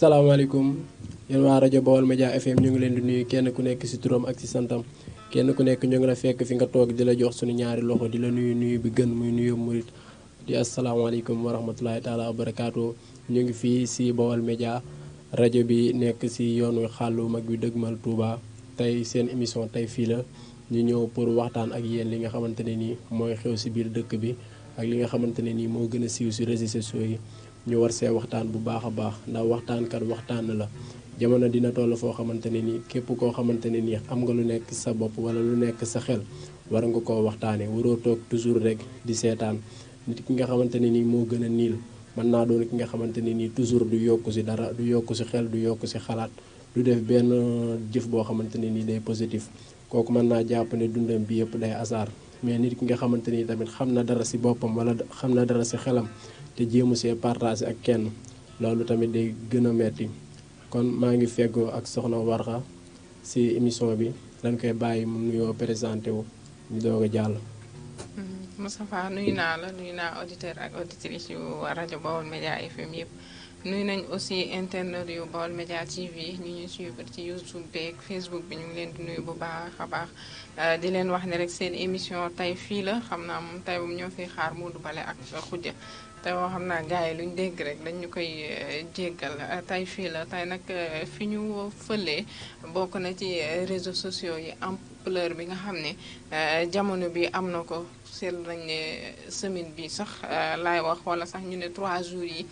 salaamaaleykum yéen waa rajo Baol Média FM ñu ngi leen di nuyu kenn ku nekk ci turam ak ci santam kenn ku nekk ñu ngi la fekk fi nga toog di la jox suñu ñaari loxo di la nuyu nuyu bi gën muy nuyu murit di asalaamaaleykum wa rahmatulahi taala wa barakaatu ñu ngi fii ci Baol Média rajo bi nekk ci yoonu xàllu mag bi dëgmal tuuba tey seen émission tey fii la ñu ñëw pour waxtaan ak yéen li nga xamante ne nii mooy xew ci biir dëkk bi ak li nga xamante ne nii moo gën a siiw ci réseaux sociaux yi ñu war see waxtaan bu baax a baax ndax waxtaankat waxtaan la jamono dina toll foo xamante ne nii képp koo xamante ne nii am nga lu nekk sa bopp wala lu nekk sa xel wara nga koo waxtaanee waroo toog toujours rek di seetaan nit ki nga xamante ne nii moo gën a niil mën naa doon ki nga xamante ne nii toujours du yokk si dara du yokk si xel du yokk si xalaat du def benn jëf boo xamante ne nii day positif kooku mën naa jàpp ne dundam bi yëpp day asaar mais nit ki nga xamante ni tamit xam na dara si boppam wala xam na dara si xelam te jéemu see partage ak kenn loolu tamit day gën a metti kon maa ngi feggoo ak soxna Warxa si émission bi dañ koy bàyyi mu nuyoo présenté wu ñu doog a jàll. Mm-hmm. Moustapha nuyu naa la nuyu naa auditeur ak auditrice yu rajo Baol Média FM yëpp. nuy nañ aussi internet yu Baol Média TV ñu ñuy suivre ci YouTube beeg Facebook bi ñu ngi leen di nuyu bu baax a baax euh, di leen wax ne rek seen émission tey fii la xam naa moom tey moom ñoo fi xaar du Bale ak Khoudia te woo xam naa gars yi luñ dégg rek dañ ñu koy euh, jéggal euh, tey fii la tey nag fi ñu fëlee bokk na ci réseau sociaux yi ampleur bi nga xam ne jamono bi am na ko seen nañ ne semaine bi sax laay wax wala sax ñu ne trois jours yi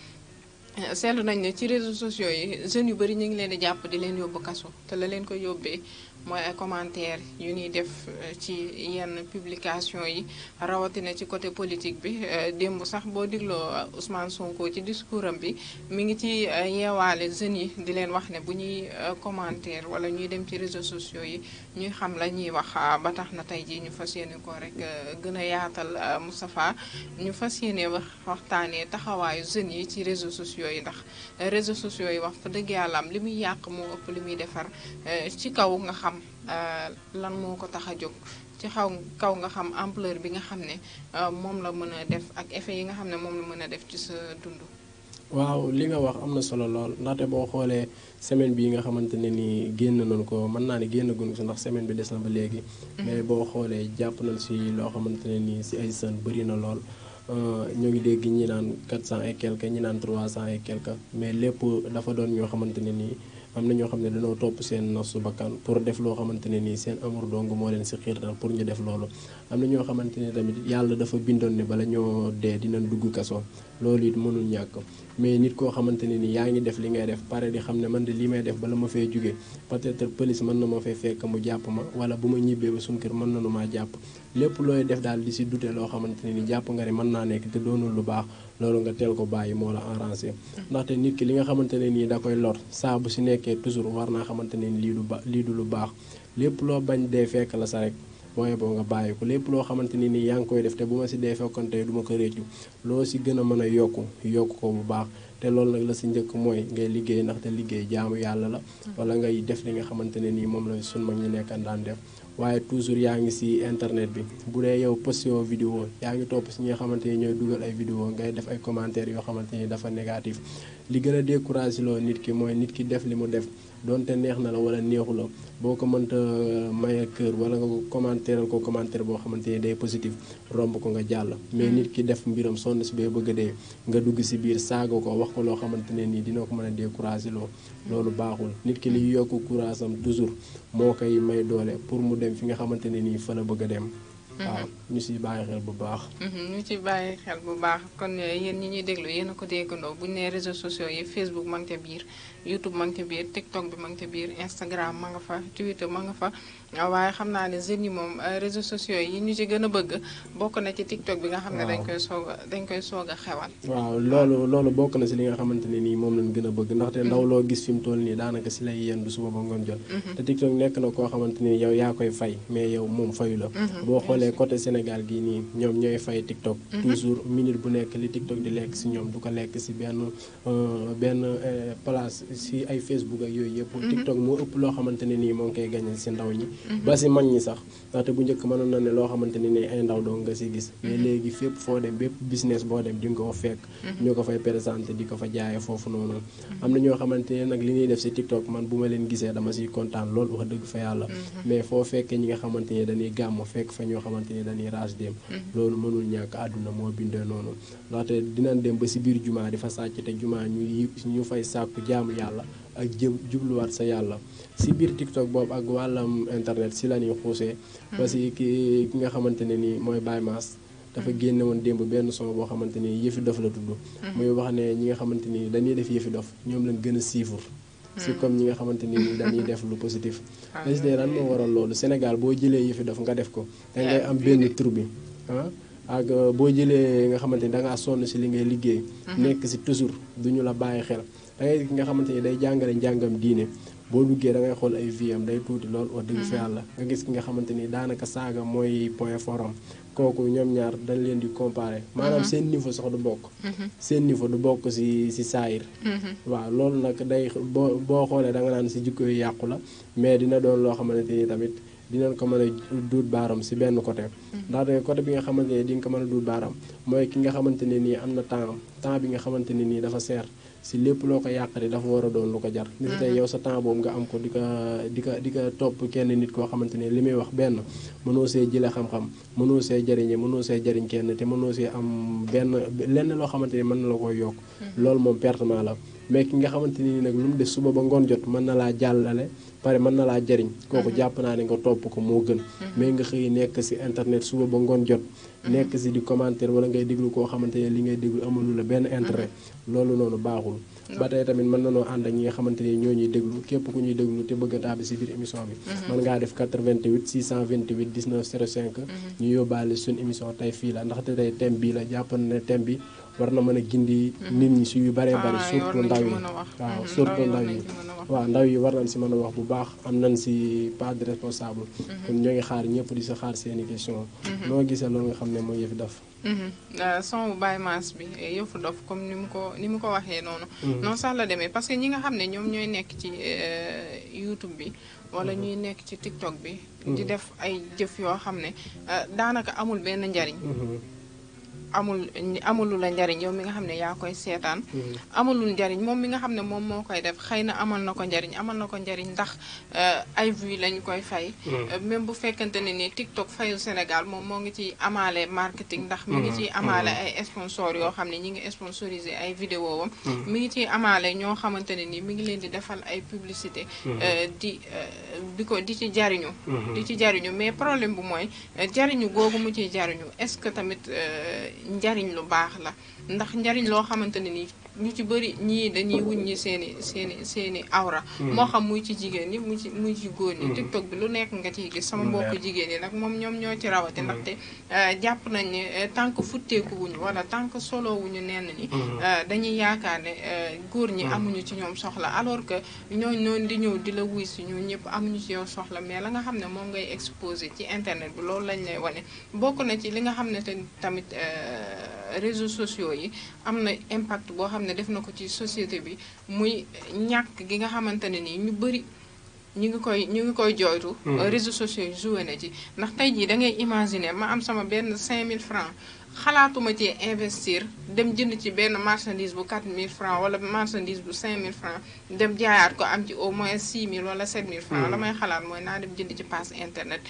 seetlu nañ ne ci réseaux sociaux yi jeunes yu bari ñu ngi leen di jàpp di leen yóbbu kaso te la leen koy yóbbee mooy ay commentaires yu ñuy def euh, ci yenn publication yi rawatina ci côté politique bi euh, démb sax boo digloo Ousmane Sonko ci discours am bi mi ngi ci euh, yeewaale jeunes yi di leen wax ne bu ñuy commentaire wala ñuy dem ci réseau sociaux yi ñuy xam la ñuy wax ah, ba tax na tey jii ñu fas yéene ko rek euh, gën a yaatal euh, Moustapha ñu fas yéene wax waxtaanee taxawaayu jeunes yi ci réseaux sociaux yi ndax euh, réseaux sociaux yi wax fa dëgg yàlla li muy yàq moo ëpp li muy defar ci kaw nga xam lan moo ko tax a jóg. ci xaw kaw nga xam empleur bi nga xam ne moom la mën a def ak effet yi nga xam ne moom la mën a def ci sa dund. waaw li nga wax am na solo lool ndaxte boo xoolee semaine bii nga xamante ne nii génn nañu ko mën naa ne génn gun si ndax semaine bi des na ba léegi. Mm-hmm. mais boo xoolee jàpp nañ si loo xamante ne nii si ay sën bëri na lool. Euh, ñoo ngi dégg ñi naan 400 et quelque ñi naan 300 et quelque mais lépp dafa doon ñoo xamante ne nii. am na ñoo xam ne dañoo topp seen nasu bakkan pour def loo xamante ne nii seen amour dong moo leen si xiirtal pour ñu def loolu am na ñoo xamante ne tamit yàlla dafa bindoon ne bala ñoo dee dinañ dugg kaso loolu it mënul ñàkk mais nit koo xamante ne nii yaa ngi def li ngay def pare di xam ne man de li may def bala ma fee jóge peut-être police mën na ma fee fekk mu jàpp ma wala bu ma ñibbee ba suñu kër mën nañu maa jàpp lépp looy def daal di si dute loo xamante ne nii jàpp nga ne naa nekk te loolu nga teel ko bàyyi moo la arrangé ndaxte nit ki li nga xamante ne nii da koy lor saa bu si nekkee toujours war naa xamante ne lii du ba lii du lu baax lépp loo bañ dee fekk la sa rek booye boo nga bàyyi ko lépp loo xamante ne nii yaa ngi koy def te bu ma si dee fekkante du ma ko réccu loo si gën a mën a yokk yokk ko bu baax te loolu nag la si njëkk mooy ngay liggéey ndaxte liggéey jaamu yàlla la mm. wala ngay def li nga xamante ne nii moom la sun mag ñi nekkan daan def waaye toujours yaa ngi si internet bi bu dee yow position vidéo yaa ngi topp si ñi xamante ni ñooy dugal ay vidéo ngay def ay commentaires yoo xamante ni dafa négatif li gën a découragé loo nit ki mooy nit ki def li mu def donte neex na la wala neexu la boo ko mënta euh, maye kër wala nga commentaire ko commentaire boo xamante ne day positif romb ko nga jàll. mais mm. nit ki def mbiram sonn si bee bëgg a dee nga dugg si biir saaga ko wax ko loo xamante ne nii dina ko mën a découragé loo loolu baaxul nit ki liy yokk courage am toujours moo koy may doole pour mu dem fi nga xamante ne nii fa la bëgg a dem. waaw mhm. ñu siy bàyyi xel bu baax. Mhm, ñu ci bàyyi xel bu baax kon eh, yéen ñi ñuy déglu yéen a ko déggandoo bu ñu nee réseaux sociaux yi Facebook ma nga biir YouTube ma nga ca biir TikTok bi ma nga biir Instagram ma nga fa Twitter ma nga fa. waaye xam naa ne jeunes yi moom euh, réseaux sociaux yi ñu si gën a bëgg bokk na ci TikTok bi nga xam ne dañ koy soog dañ koy soog a xewal. waaw loolu loolu bokk na si li nga xamante ne nii moom lañ gën a bëgg ndaxte ndaw mhm. loo gis fi mu toll nii daanaka si lay yendu suba ba ngoon jot. Mhm. te TikTok nekk na koo xamante ni yow yaa koy fay mais yow moom fayu la. Mhm, boo xoolee côté Sénégal gii nii ñoom ñooy fay TikTok. toujours minute bu nekk li TikTok di lekk si ñoom du ko lekk si benn euh, benn euh, place si ay Facebook yooyu yëpp. TikTok moo ëpp loo xamante ne nii moo ngi koy gagné si ndaw ñi ba si mag ñi sax ndaxte bu njëkk mënoon na ne loo xamante ni ne ay ndaw doo nga si gis mais mhm. léegi fépp foo dem bépp business boo dem di nga ko fekk mhm. ñu ko fay présenté di ko fa jaayee foofu noonu mhm. am na ñoo xamante ne nag li ñuy def si TikTok man bu ma leen gisee dama si kontaan lool wax dëgg fa yàlla mais foo fekkee ñi nga xamante ne dañuy gàmm fekk fa ñoo xamante ne dañuy raas dem loolu mënul ñàkk àdduna moo bindee noonu ndaxte dina dem ba si biir jumaa di fa sàcc te jumaa ñu ñu fay sàkku jaamu yàlla ak jë jubluwaat sa yàlla si biir TikTok boobu ak wàllam internet si la ñuy xuusee. parce que ki ki nga xamante ne nii mooy Baye Mass. dafa génne woon démb benn son boo xamante ni yëfi dof la tudd. muy wax ne ñi nga xamante ni dañuy def yëfi dof ñoom la gën a siifur. si comme ñi nga xamante ni dañuy def lu positif. waaw ah. lan moo Sénégal boo jëlee yëfi dof nga def ko. da ngay am benn tur ah? ak boo jëlee nga xamante ni da ngaa sonn si li ngay liggéey. Mm-hmm. nekk si toujours duñu la bàyyi xel. da ngay ki nga xamante ni day jàngale njàngam diine boo duggee da ngay xool ay vie day tuuti lool wax dëgg fa mm-hmm. yàlla nga gis ki nga xamante ni daanaka saaga mooy point fort am kooku ñoom ñaar dañ leen di comparer mm-hmm. maanaam seen niveau sax du bokk mm-hmm. seen niveau du bokk si si saayir waaw loolu nag day boo boo xoolee da nga naan si jikko yu yàqu la mais dina doon loo xamante ni tamit dinañ ko mën a duut baaram si benn côté ndaxte côté bi nga xamante ne di nga ko mën a duut baaram mooy ki nga xamante ne nii am na temps temps bi nga xamante ne nii dafa seer si lépp loo ko yàq dafa war a doon lu ko jar ni sa temps boobu nga am ko di ko di ko di ko topp kenn nit koo xamante ne li muy wax benn mënoo see jële xam-xam mënoo see jariñe mënoo see jariñ kenn te mënoo see am benn lenn loo xamante ni mën na la koy yokk hmm. loolu moom perte pertement la mais ki nga xamante ni nag lu mu des suba ba ngoon jot mën na laa jàllale pare mën na laa jariñ hmm. kooku jàpp naa ne nga topp ko moo gën hmm. mais nga xëy nekk si internet suba ba ngoon jot nekk si di commentaire wala ngay déglu koo xamante ne li ngay déglu amalu benn intérêt mhm. loolu noonu baaxul ba tey tamit mën nanoo ànd ak ñi nga ñoo ñuy déglu képp ku ñuy déglu te bëgg a tàbbi si biir émission bi mhm. mën ngaa def mhm. ñu yóbbaale suñu émission tey fii la ndaxte tey thème bii la jàpp na bi war na mën a gindi nit ñi si yu bëree ah, bëri surtout mm-hmm. ndaw yi waaw surtout ndaw yi waaw war nañ si mën a wax bu baax am nañ si pas de responsable mm-hmm. kon ñoo ngi xaar ñëpp di si xaar seeni question mm-hmm. noo gisee loolu nga xam ne mooy yëf daf euh, son Baye Mass bi euh, yëfu dof comme ni mu ko ni mu ko waxee noonu noonu sax la demee parce que ñi nga xam ne ñoom ñooy nekk ci euh, YouTube bi wala ñuy nekk ci TikTok bi di def ay jëf yoo xam ne daanaka amul benn njariñ amul amulul la njariñ yow mi nga xam ne yaa koy seetaan mm. amulul njariñ moom mi nga xam ne moom moo koy def xëy na amal na ko njariñ amal na ko njariñ ndax euh, ay vues lañ koy fay mm. euh, même bu fekkante ne ni TikTok fayu Sénégal moom moo ngi ciy amaale marketing ndax mu ngi mm. ciy amaale ay sponsor yoo xam ne ñi ngi sponsoriser ay vidéo wam mi ngi ciy amaale ñoo xamante ne ni mi ngi leen di defal ay publicité euh, di di ko di ci jariñu mm-hmm. di ci jariñu mais problème bu mooy jariñu googu mu ci jariñu est-ce que tamit njariñ lu baax la ndax njariñ loo xamante ne nii ñu ci bëri ñii dañuy wuññi seen i seen i seen i awra. Hmm. moo xam muy ci jigéen ñi mu ci muy ci góor ñi. Hmm. tiktok bi lu nekk nga ci gis sama mbokk jigéen ñi nag moom ñoom ñoo ci rawate hmm. ndaxte eh, jàpp nañ ne eh, tant que wala tant que solo wuñu nenn eh, dañuy yaakaar ne góor ñi amuñu ci ñoom soxla alors que ñooñu noonu di ñëw di la wuy si ñu ñëpp amuñu ci yow soxla mais la nga xam ne moom ngay exposé ci internet bi loolu lañ lay wane bokk na ci li nga xam ne tamit. réseaux sociaux yi am na impact boo xam ne def na ko ci société bi muy ñàkk gi nga xamante ne nii ñu bëri ñu ngi koy ñu ngi koy jooytu. Hmm. réseaux sociaux yi joué na ci ndax tey jii da ngay imaginer ma am sama benn mille francs xalaatuma ci investir dem jënd ci benn marchandise bu mille francs wala marchandise bu cinq mille francs dem jaayaat ko am ci au moins 6000 wala 7000 francs hmm. la xalaat mooy naa dem jënd ci passe internet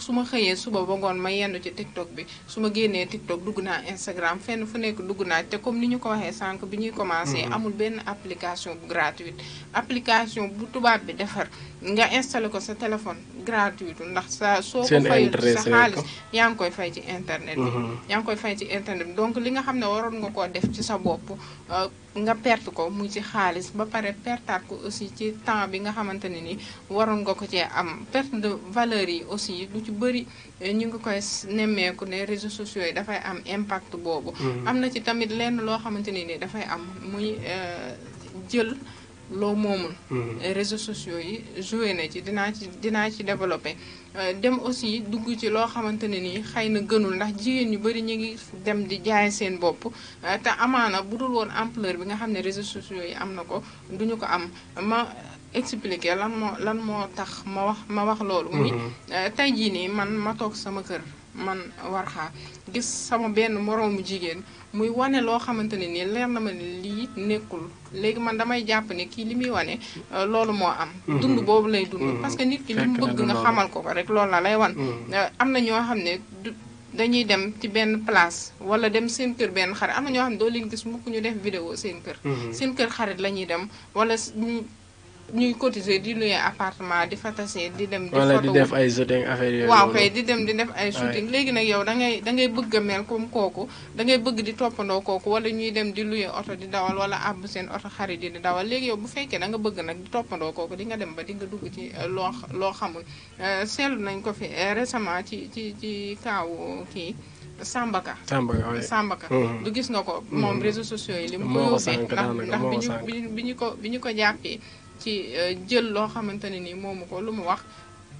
su ma xëyee suba ba ngoon ma yendu ci TikTok bi su ma génnee TikTok dugg naa Instagram fenn fu nekk dugg naa te comme ni ñu ko waxee sànq bi ñuy commencé hmm. amul benn application bu gratuit application bu tubaab bi defar nga installé ko sa téléphone gratuite ndax sa soo ko fayul yaa ngi koy fay ci internet bi mhm. yaa ngi koy fay ci internet bi donc li nga xam ne waroon nga koo def ci sa bopp euh, nga perte ko muy ci xaalis ba pare pertaat ko aussi ci temps bi nga xamante ne ni waroon nga ko cee am perte de valeur yi aussi lu ci bëri euh, ñu ngi koy nemmeeku ne réseaux sociaux yi dafay am impact boobu mhm. am na ci tamit lenn loo xamante ne ni dafay am muy euh, jël loo moomul. Mm-hmm. réseaux sociaux yi joué na ci dinaa ci dinaa ci développé. Euh, dem aussi dugg ci loo xamante ne nii xëy na gënul ndax jigéen ñu bari ñu ngi dem di jaay seen bopp euh, te amaana bu dul woon ampleur bi nga xam ne réseaux sociaux yi am na ko duñu ko am ma expliquer lan moo lan moo tax ma wax ma wax loolu. muy mm-hmm. euh, tey jii nii man ma toog sama kër man war xaa gis sama benn moroomu jigéen. muy wane loo xamante ne nii leer na ma ne lii nekkul léegi man damay jàpp ne kii li muy wane euh, loolu moo am. Mm-hmm. dund boobu lay dund. Mm-hmm. parce que nit ki li mu bëgg nga xamal ko ko rek loolu la lay wan. Mm-hmm. Euh, am na ñoo xam ne du dañuy dem ci benn place wala dem seen kër benn xarit am na ñoo xam ne doo leen gis mukk ñu def vidéo seen kër. seen kër xarit la ñuy dem wala ñuy cotiser di luye appartement di fatase di dem. di wala di waaw kay di dem di def ay shooting léegi nag yow da ngay da bëgg a mel comme kooku da ngay bëgg di toppandoo kooku wala ñuy dem di luye oto di dawal wala àbb seen oto xarit yi di dawal léegi yow bu fekkee da nga bëgg nag di toppandoo kooku di nga dem ba di nga dugg ci euh, loo loo xamul euh, seetlu nañ ko fi euh, récemment ci ci ci kaawu kii. Sambaka Sambaka mm-hmm. du gis nga ko mm-hmm. moom réseaux sociaux yi li mu ko yóbbee ko bi ñu ko jàppee ci euh, jël loo xamante ne ni moomu ko lu mu wax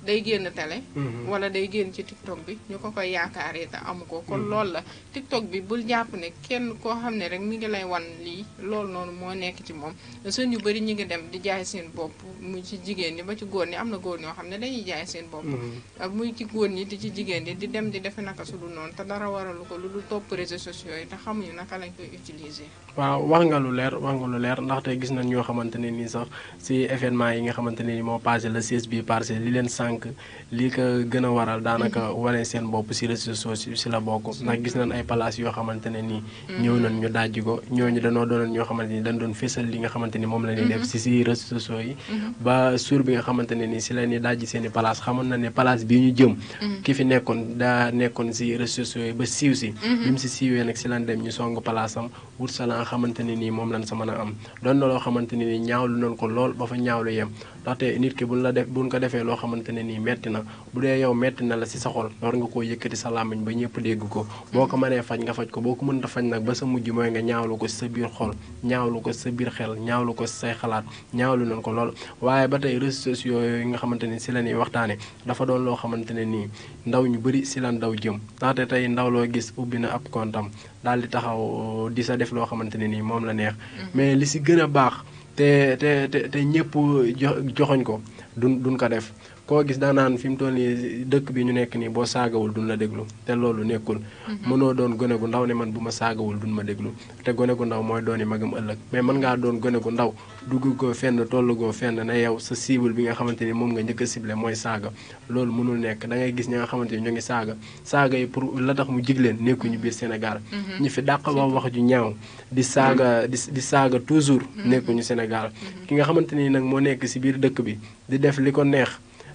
day génn télé. Mhm. wala day génn ci TikTok bi ñu ko koy yaakaaree te amu ko. kon mhm. lool la TikTok bi bul jàpp ne kenn koo xam ne rek mu ngi lay wan lii loolu noonu moo nekk ci moom seen yu bëri ñu ngi dem di jaay seen bopp mu ci jigéen ñi ba ci góor ñi am na góor ñoo xam ne dañuy jaay seen bopp. Mhm. Ah, muy ci góor ñi di ci jigéen ñi di dem di defe naka su dul noonu te dara waralu ko lu dul topp réseaux sociaux yi te xamuñu naka lañ koy utiliser. waaw wax nga lu leer wax nga lu leer ndaxte gis nañ ñoo xamante ne nii sax si événement yi nga xamante ne nii moo passé le 16 bi passé li leen sànq lii ko gën a waral daanaka wane seen bopp si réseaux sociaux si la bokk ndax gis nañ ay palaas yoo xamante ne nii mm. ñëw nañ ñu dajji ko ñooñu dañoo doonoon ñoo xamante ni dañ doon fésal li nga xamante ni moom la ñuy def mm-hmm. si si réseaux sociaux yi mm-hmm. ba suur i palaas xamoon na ne palaas bi ñu jëm mm-hmm. ki fi nekkoon daa nekkoon si réseaux nii moom lañ sa mën a am doon na loo xamante nii ñaawlu nañ ko lool ba fa ñaawlu yem ndaxte nit ki buñ la def buñ ko defee loo xamante ne nii metti na bu dee yow metti na la si sa xol war nga koo yëkkati sa làmmiñ ba ñëpp dégg ko boo ko mënee faj nga faj ko boo ko mënta faj nag ba sa mujj mooy nga ñaawlu ko si sa biir xol ñaawlu ko si sa biir xel ñaawlu ko si say xalaat ñaawlu nañ ko lool waaye ba tey réseaux sociaux yooyu nga xamante ni si la ñuy waxtaane dafa doon loo xamante ne nii ndaw ñu bëri si lan ndaw jëm ndaxte tey ndaw loo gis ubbi na ab kontam daal di taxaw di sa def loo xamante ne nii moom la neex mm-hmm. mais li si gën a baax te te te te ñëpp joxoñ ko duñ duñ ko def koo gis daanaan fi mu toll nii dëkk bi ñu nekk nii boo saagawul duñ la déglu te loolu nekkul mhm. mënoo doon gone gu ndaw ne man bu ma saagawul duñ ma déglu te gone gu ndaw mooy dooni magam ëllëg mais mën ngaa doon gone gu ndaw dugg ko fenn toll ko fenn na yow sa cible bi nga xamante ni moom nga njëkk a mooy saaga loolu mënul nekk da ngay gis ñi nga xamante ni ñu ngi saaga saaga yi pour la tax mu jig leen nekkuñu biir Sénégal mhm. ñi fi dàq wax wax ju ñaaw di saaga mhm. di di saaga toujours nekkuñu Sénégal ki ni nag moo nekk ci biir dëkk bi di def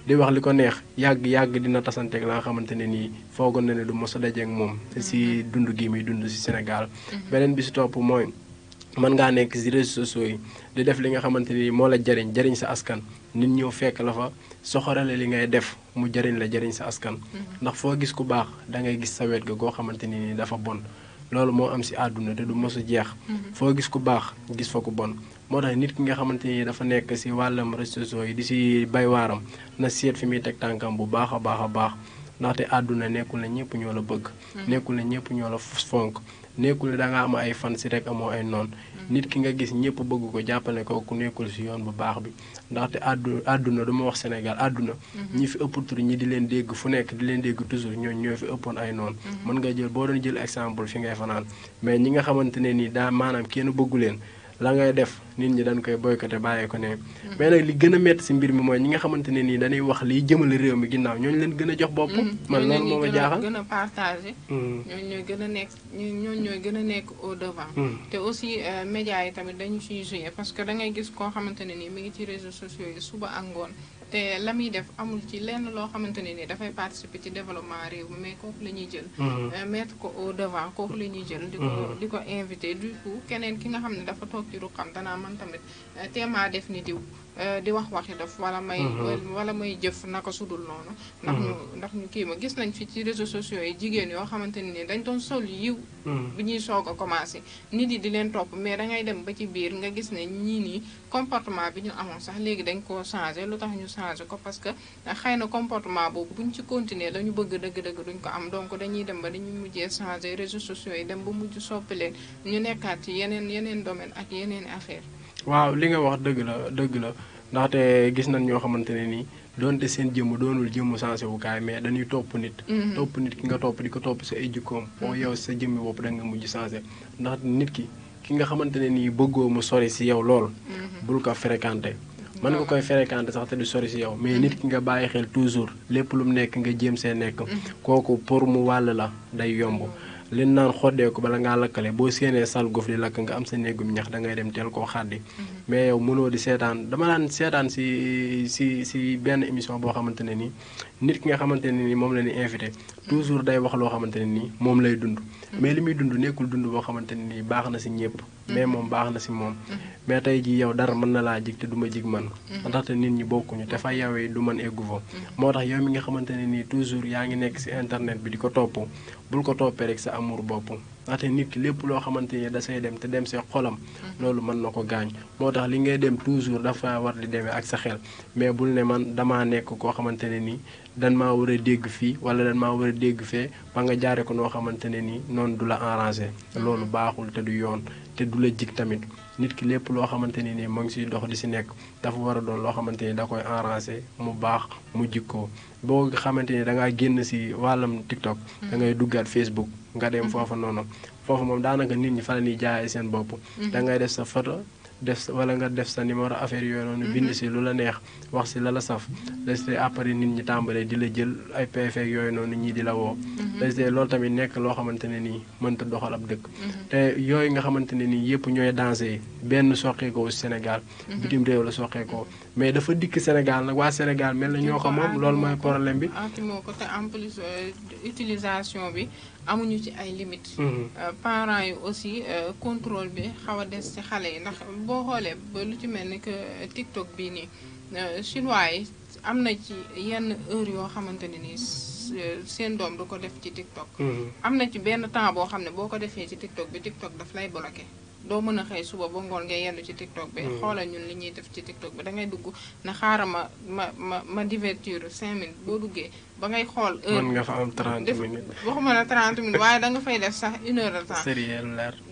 di wax li ko neex yàgg-yàgg dina tasanteeg la nga xamante ne nii foogoon na ne du mos a dajeeg moom si dund gi muy dund si Sénégal mhm. beneen bi si topp mooy mën ngaa nekk si réseaux sociaux yi di def li nga xamante ni moo la jariñ jariñ sa askan nit ñëw fekk la fa soxorale li ngay def mu jariñ la jariñ sa askan mhm. ndax foo gis ku baax da ngay gis sa wet ga goo xamante ni nii dafa bon loolu moo am si àdduna te du mos a jeex mhm. foo gis ku baax gis fa ku bon moo tax nit ki nga xamante ni dafa nekk si wàllam réseaux yi di si bay waaram na seet fi muy teg tànkam bu baax a baax a baax ndaxte àdduna nekkul na ñëpp ñoo la bëgg. Hmm. nekkul na ñëpp ñoo la fonk nekkul ne da nga am ay fan si rek amoo ay noon hmm. nit ki nga gis ñëpp bëgg ko jàppale ko ku nekkul si yoon bu baax bi ndaxte àddu àdduna duma wax Sénégal àdduna. Hmm. ñi fi ëpp tur ñi di leen dégg fu nekk di leen dégg toujours ñooñ ñoo fi ëppoon ay noon mën nga jël boo doon jël exemple fi ngay fanaan mais ñi nga xamante ne nii daa maanaam kenn bëggu leen la ngay def nit ñi dañ koy boycotté bàyyee ko ne mais nag li gën a metti si mbir mi mooy ñi nga xamante ne nii dañuy wax liy jëmal réew mi ginnaaw ñooñu leen gën a jox bopp mm-hmm. man loolu moo ma jaaxal gën a partagé mm. ñooñu ñooy gën a nekk ñooñu ñooy gën a nekk au devant mm. te aussi euh, médias yi tamit dañu ciy joué parce que da ngay gis koo xamante ne nii mi ngi ci réseaux sociaux yi suba ak ngoon te la muy def amul ci lenn loo xamante ne dafay participer ci développement réew mi ko kooku la ñuy jël. Mm-hmm. Euh, mettre ko au devant kooku la ñuy jël. di ko mm-hmm. ko invité du coup keneen ki nga xam ne dafa toog ci ruqam danaa man tamit euh, téemaa def ni diw. Euh, di wax waxi def wala may mhm. wala may jëf naka sudul noonu ndax mhm. ñu ndax kii ma gis nañ fi ci réseau sociaux yi jigéen yoo xamante ni dañ doon sol yiw mhm. bi ñuy soog a commencé nit yi di leen topp mais dangay dem ba ci biir nga gis ne ñii nii comportement bi ñu amoon sax léegi dañ ko changé lu tax ñu changé ko parce que xëy na comportement boobu bu ñu ci continuer lañu bëgg dëgg-dëgg duñ ko am donc dañuy dem ba dañuy mujjee changé réseaux sociaux yi dem ba mujj soppi ñu nekkaat ci yeneen yeneen ak yeneen affaire waaw li nga wax dëgg la dëgg la ndaxte gis nañ ñoo xamante ne nii doonte seen jëmm doonul jëmm sensé wu kaay mais dañuy topp nit. Mm-hmm. topp nit ki nga topp di ko topp sa ay jikkoom. Mm-hmm. boo yow sa jëmmi bopp da mujj sensé ndax nit ki ki nga xamante ne nii bëggoo mu sori si yow lool. Mm-hmm. bul ko fréquenté. mën nga koy fréquenté sax te du sori si yow mais nit ki nga bàyyi xel toujours lépp lu mu nekk nga jéem see nekk. kooku pour mu wàll la day yomb. leen naan ko bala ngaa lakkale boo séenee sal gof di lakk nga am sa néegum ñax da ngay dem teel koo xàddi mm-hmm. mais yow mënoo di seetaan dama daan seetaan si si si benn émission boo xamante ne nii nit ki nga xamante ne ni moom la ñuy invité toujours day wax loo xamante ne ni moom lay dund. mais li muy dund nekkul dund boo xamante ne ni baax na si ñëpp. mais moom baax na si moom. mais tey jii yow dara mën na laa jig te du ma jig man. ndaxte nit ñi bokkuñu te fa yawee du man eggu fa. moo tax yow mi nga xamante ne nii toujours yaa ngi nekk si internet bi di ko topp bul ko toppee rek sa amour bopp. ndaxte nit ki lépp loo xamante ni da say dem te dem see xolam loolu mën na ko gaañ moo tax li ngay dem toujours dafa war di ak sa mais bul ne man damaa nekk koo xamante ne nii. dan maa war a dégg fii wala dan maa war a dégg fee ba nga jaaree ko noo xamante ne nii noonu du la arrangé loolu baaxul te du yoon te du la jig tamit nit ki lépp loo xamante ne nii mu ngi siy dox di si nekk dafa war a doon loo xamante ni da koy arrangé mu baax mu jikkoo boo xamante ni da ngaa génn si wàllam TikTok. da ngay duggaat Facebook. nga dem mm-hmm. foofa noonu foofu moom daanaka nit ñi fa la ñuy jaayee seen bopp. Mm-hmm. da def sa photo def wala nga def sa numéro affaire yooyu noonu. bind mhm. si lu la neex wax si la la saf. lesté après nit ñi tàmbalee di la jël ay PF yooyu noonu ñii di la woo. lesté mhm. loolu tamit nekk loo xamante ne nii mënta doxal ab dëkk. Mhm. te yooyu nga xamante ne nii yëpp ñooy dansé benn soqeekoo si Sénégal. bitim réew la soqeekoo mais dafa dikk Sénégal nag waa Sénégal mel na ñoo ko moom loolu mooy problème bi. Ah, en plus euh, utilisation bi. amuñu ci ay limites. Mm-hmm. Euh, parent yi aussi euh, contrôle bi xaw a des ci xale yi ndax boo xoolee ba lu ci mel ni que TikTok bii nii euh, chinois yi am na ci yenn heure yoo xamante ne nii seen doom du ko def ci TikTok. Mm-hmm. am na ci benn temps boo xam ne boo ko defee ci TikTok bi TikTok daf lay bloqué. doo mën a xëy suba ba ngoon ngay yendu ci TikTok bi. Mm-hmm. xoolal ñun li ñuy def ci TikTok bi dangay dugg na xaaral ma ma ma ma divertir cinq minutes boo duggee. ba ngay xool heure mën nga fa am 30 minutes waxuma la 30 minutes waaye da nga fay def sax une heure de temps.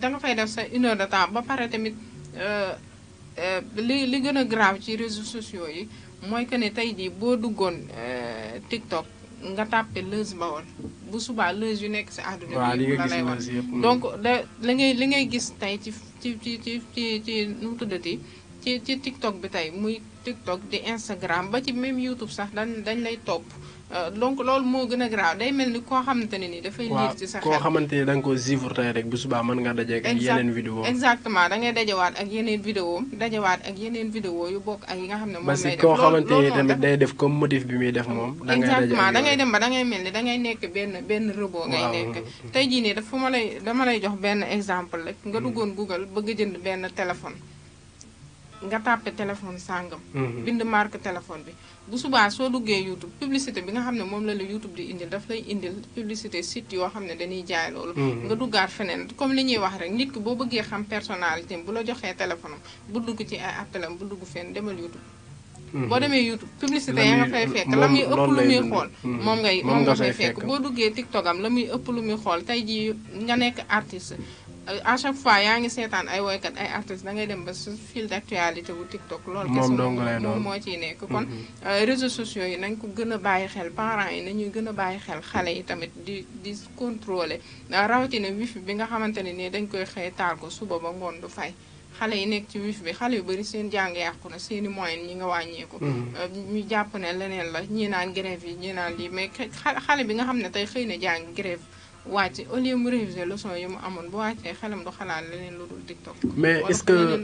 da nga fay def sax une heure de ba pare tamit euh, euh, li li gën a grave ci réseaux sociaux yi mooy que ni tey jii boo duggoon euh, TikTok nga tàppe lëz bawol bu subaa lëz yu nekk si àdduna bi la lay wax donc da li ngay li ngay gis tey ci ci ci ci ci ci nu mu ci ci TikTok bi tey muy TikTok di Instagram ba ci même YouTube sax dañ dañ lay topp. Euh, donc loolu moo gën a graaw day mel ni koo xamante ne ni dafay liir ci sa xel koo xamante ni da nga ko rek bu subaa mën nga daje ak yeneen vidéo exactement da ngay dajewaat yeneen vidéo dajewaat ak yeneen vidéo yu bokk ak yi nga xam ne moom lay def koo xamante ni tamit day def comme motif bi muy def moom da ngay exactement da ngay dem ba dangay ngay mel ni dangay nekk benn benn robot ngay nekk tey jii nii dafa ma lay dama lay jox benn exemple rek nga hmm. duggoon Google bëgg jënd benn téléphone nga tàppe téléphone sàngam. Mhm. bind marque téléphone bi bu subaa soo duggee YouTube publicité bi nga xam ne moom la la YouTube di indil daf lay indil publicité site yoo xam ne dañuy jaay loolu. Mhm. nga duggaat feneen comme li ñuy wax rek nit ki boo bëggee xam personnalité bu la joxee téléphone am bu dugg ci ay appelam bu dugg fenn demal YouTube. Mhm. boo demee YouTube publicité ya nga fay fekk la muy ëpp lu muy xool moom ngay moom nga fay fekk boo duggee TikTok am la muy ëpp lu muy xool tey jii nga nekk Euh, à chaque fois yaa ngi seetaan ay woykat ay artistes da ngay dem ba su fil d'actualité bu TikTok. lool kese moom moo ciy nekk kon. Mm-hmm. Euh, réseaux sociaux yi nañ ko gën a bàyyi xel parents yi nañuy gën a bàyyi xel xale yi tamit di di contrôler euh, rawatina wifi bi nga xamante ne nii dañ koy xëy taal ko suba ba ngoon du fay. xale yi nekk ci wifi bi xale yu bari seen jàng yàqu na seeni moyen ñi nga wàññeeku. Mm-hmm. ñu jàpp ne leneen la ñii naan grève yi ñii naan lii mais xale bi nga xam ne tey xëy na jàng grève. wàcc au lieu mu réviser leçon yi mu amoon bu wàccee xelam du xalaat leneen lu dul TikTok. mais est-ce que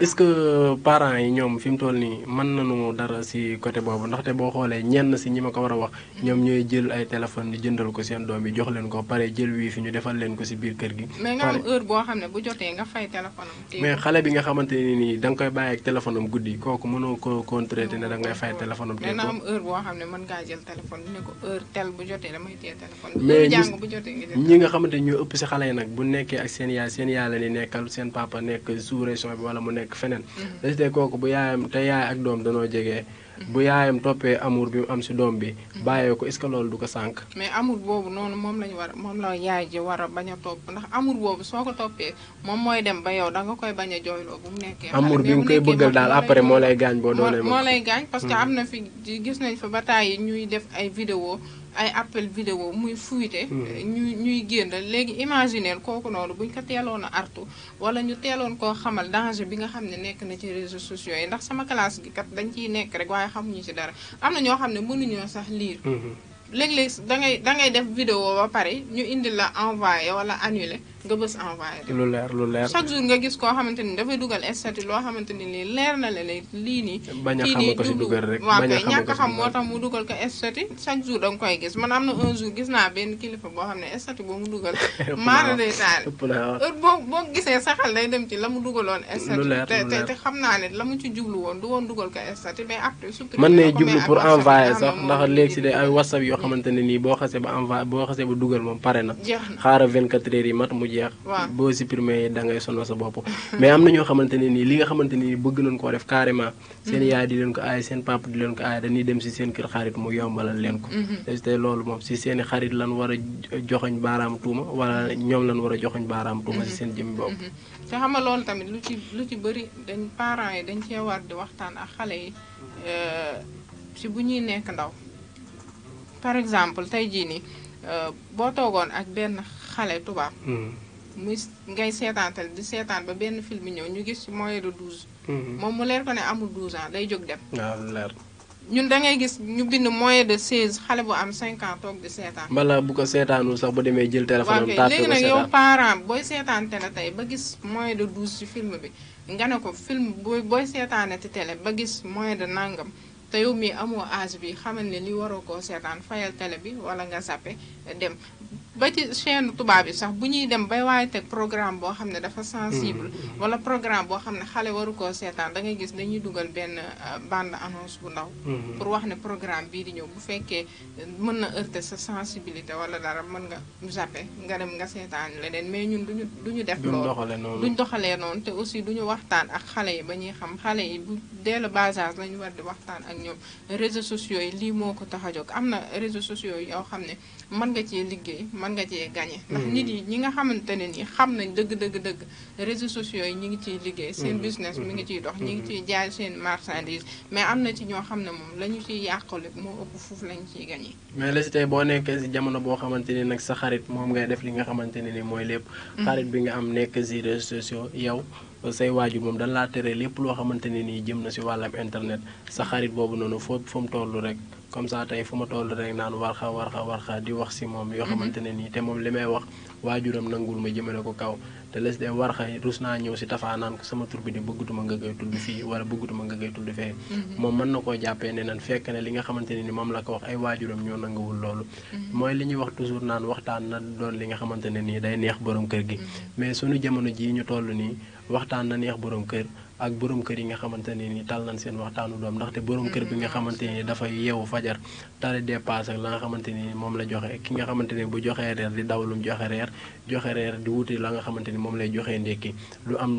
est-ce que parents yi ñoom fi mu toll nii mën nañu dara ci côté boobu ndaxte boo xoolee ñenn si ñi ma ko war a wax ñoom ñooy jël ay téléphone di jëndal ko seen doom yi jox leen ko pare jël wifi ñu defal leen ko ci biir kër gi. mais nga am heure boo xam ne bu jotee nga fay téléphone mais xale bi nga xamante ne nii da nga koy bàyyi ak téléphone am guddi kooku mënoo ko contrer ne da ngay fay téléphone am. tey ko dina am heure boo xam ne mën ngaa jël téléphone ne ko heure tel bu jotee ñi nga xamante ñoo ëpp si xale yi nag bu nekkee ak seen yaay la ni nekkal seen papa nekk sous région bi wala mu nekk feneen mm-hmm. da si kooku bu yaayam te yaay ak doom danoo jege. Mm-hmm. bu yaayam toppee amour bi am si doom bi mm-hmm. bàyyee ko est-ce que loolu du ko sànq mais amour boobu noonu moom lañu war moom la yaay war a bañ a topp ndax amour boobu soo ko toppee moom mooy dem ba yow da nga koy bañ a jooyloo bu mu nekkee amour bi mu koy bëggal daal après moo lay gaañ boo doonee moo lay gaañ parce que am na fi gis nañ fa ba tàyyi ñuy def ay vidéo ay appel vidéo muy fuite. Mm-hmm. ñuy ñuy génn léegi imaginer kooku noonu buñ ko teeloon a artu wala ñu teeloon koo xamal danger bi nga xam ne nekk na ci réseaux sociaux yi ndax sama classe gi kat dañ ciy nekk rek waaye xamuñu ci dara am na ñoo xam ne mënuñoo sax liir mm-hmm. léeg-léeg da ngay da ngay def vidéo ba pare ñu indi la envoyé wala annulé. nga bës envoyé lu leer lu leer chaque jour nga gis koo xamante ni leer na la lii nii bañ a xam ko si dugal rek waaw kay ñàkk xam moo tax mu dugal ko statut chaque jour da nga koy gis man am na un jour gis naa benn kilifa boo xam ne statut boo mu dugal maara day boo boo gisee saxal day ci la mu dugaloon statut te naa ne la ci jublu woon du woon dugal ko statut mais après supprimer mën ne jublu pour envoyé sax ndax léegi si day ay whatsapp yoo xamante ne nii boo xasee ba envoyé boo xasee ba dugal moom pare na xaara 24 heures yi mat mu jeex. boo supprimé da ngay sonal sa bopp. mais am na ñoo xamante ne nii li nga xamante ni bëgg nañ ko def carrément. seen mhm. yaay di leen ko aay seen papa di leen ko aay dañuy dem si seen kër xarit mu yombalal leen ko. Mhm. te loolu moom si seen i xarit lan war a joxoñ baaraam tuuma wala ñoom lan war a joxoñ baaraam tuuma si mhm. seen jëmmi bopp. te xam nga loolu tamit lu ci lu ci bëri dañ parents yi dañ cee war di waxtaan ak xale yi euh, si bu ñuy nekk ndaw. par exemple tey jii nii euh, boo toogoon ak benn xale tubaab. muy ngay seetaantal di seetaan ba benn film ñëw ñu gis ci moyen de douze. Mhm. moom mu leer ko ne amul douze ans day jóg dem. waaw ah, ñun dangay gis ñu bind moyen de seize xale bu am cinq ans toog di seetaan. bala bu ko seetaanul sax ba demee jël téléphone. am léegi nag yow parent booy seetaan télé tey ba gis moyen de douze ci film bi nga ne ko film booy booy seetaanati tele ba gis moyen de nangam. te yow mii amoo âge bi xamal ne li waroo koo seetaan fayal tele bi wala nga zappe dem ba ci chaîne tubaab yi sax bu ñuy dem ba waaye teg programme boo xam ne dafa sensible mm. wala programme boo xam ne xale waru koo seetaan da ngay gis dañuy dugal benn euh, bande annonce bu ndaw mm. pour wax ne programme bii di ñëw bu fekkee euh, mën na heurter sa sensibilité wala dara mën nga zappe nga dem nga seetaan leneen mais ñun duñu du ñu def loolu duñ doxalee noonu te aussi duñu waxtaan ak xale yi ba ñuy xam xale yi bu dès le lañu war di waxtaan ak ñoom réseaux sociaux yi lii moo ko tax a jóg am na réseaux sociaux yoo xam ne mën nga ci liggéey mën nga cee gagné. Mm. ndax nit yi ñi nga xamante ne nii xam nañ dëgg dëgg dëgg réseaux sociaux yi ñu ngi ciy liggéey. seen mm. business mi ngi ciy dox ñu ngi mm. ciy jaay seen marchandise mais am na ci ñoo xam ne moom la ñu ciy yàqule moo ëpp foofu lañ ciy gagné. mais la tey boo nekkee si jamono boo xamante ni nag sa xarit moom ngay def li nga xamante ne ni mooy lépp. xarit bi nga am nekk si réseaux sociaux yow. say waajur moom dañ laa tere lépp loo xamante ne nii jëm na si wàllam internet sa xarit boobu noonu foo fa mu comme ça tey fu ma toll rek naan warxa warxa warxa di wax si moom. yoo mhm. xamante ne nii te moom li may wax waajuram nangul ma jëmale ko kaw. te les de warxa yi rus naa ñëw si tafaa naan ko sama tur bi di bëggatuma nga koy tudd fii wala bëggatuma nga koy tudd fee. Mhm. moom mën na koo jàppee ne nan fekk ne li nga xamante ne ni moom la ko wax ay waajuram ñoo nanguwul loolu. Mhm. mooy li ñuy wax toujours naan waxtaan na doon li nga xamante ne nii day neex borom kër gi. mais sunu jamono jii ñu toll nii waxtaan na neex borom kër. ak borom kër yi nga xamante ne ni tal nañ seen waxtaanu doom ndaxte borom kër bi nga xamante ni dafa yeewu fajar tale dépasse ak la nga xamante ni moom la joxe ki nga xamante ni bu joxee reer di dawlum joxe reer joxe reer di wuti la nga xamante ni moom lay joxee ndékki lu am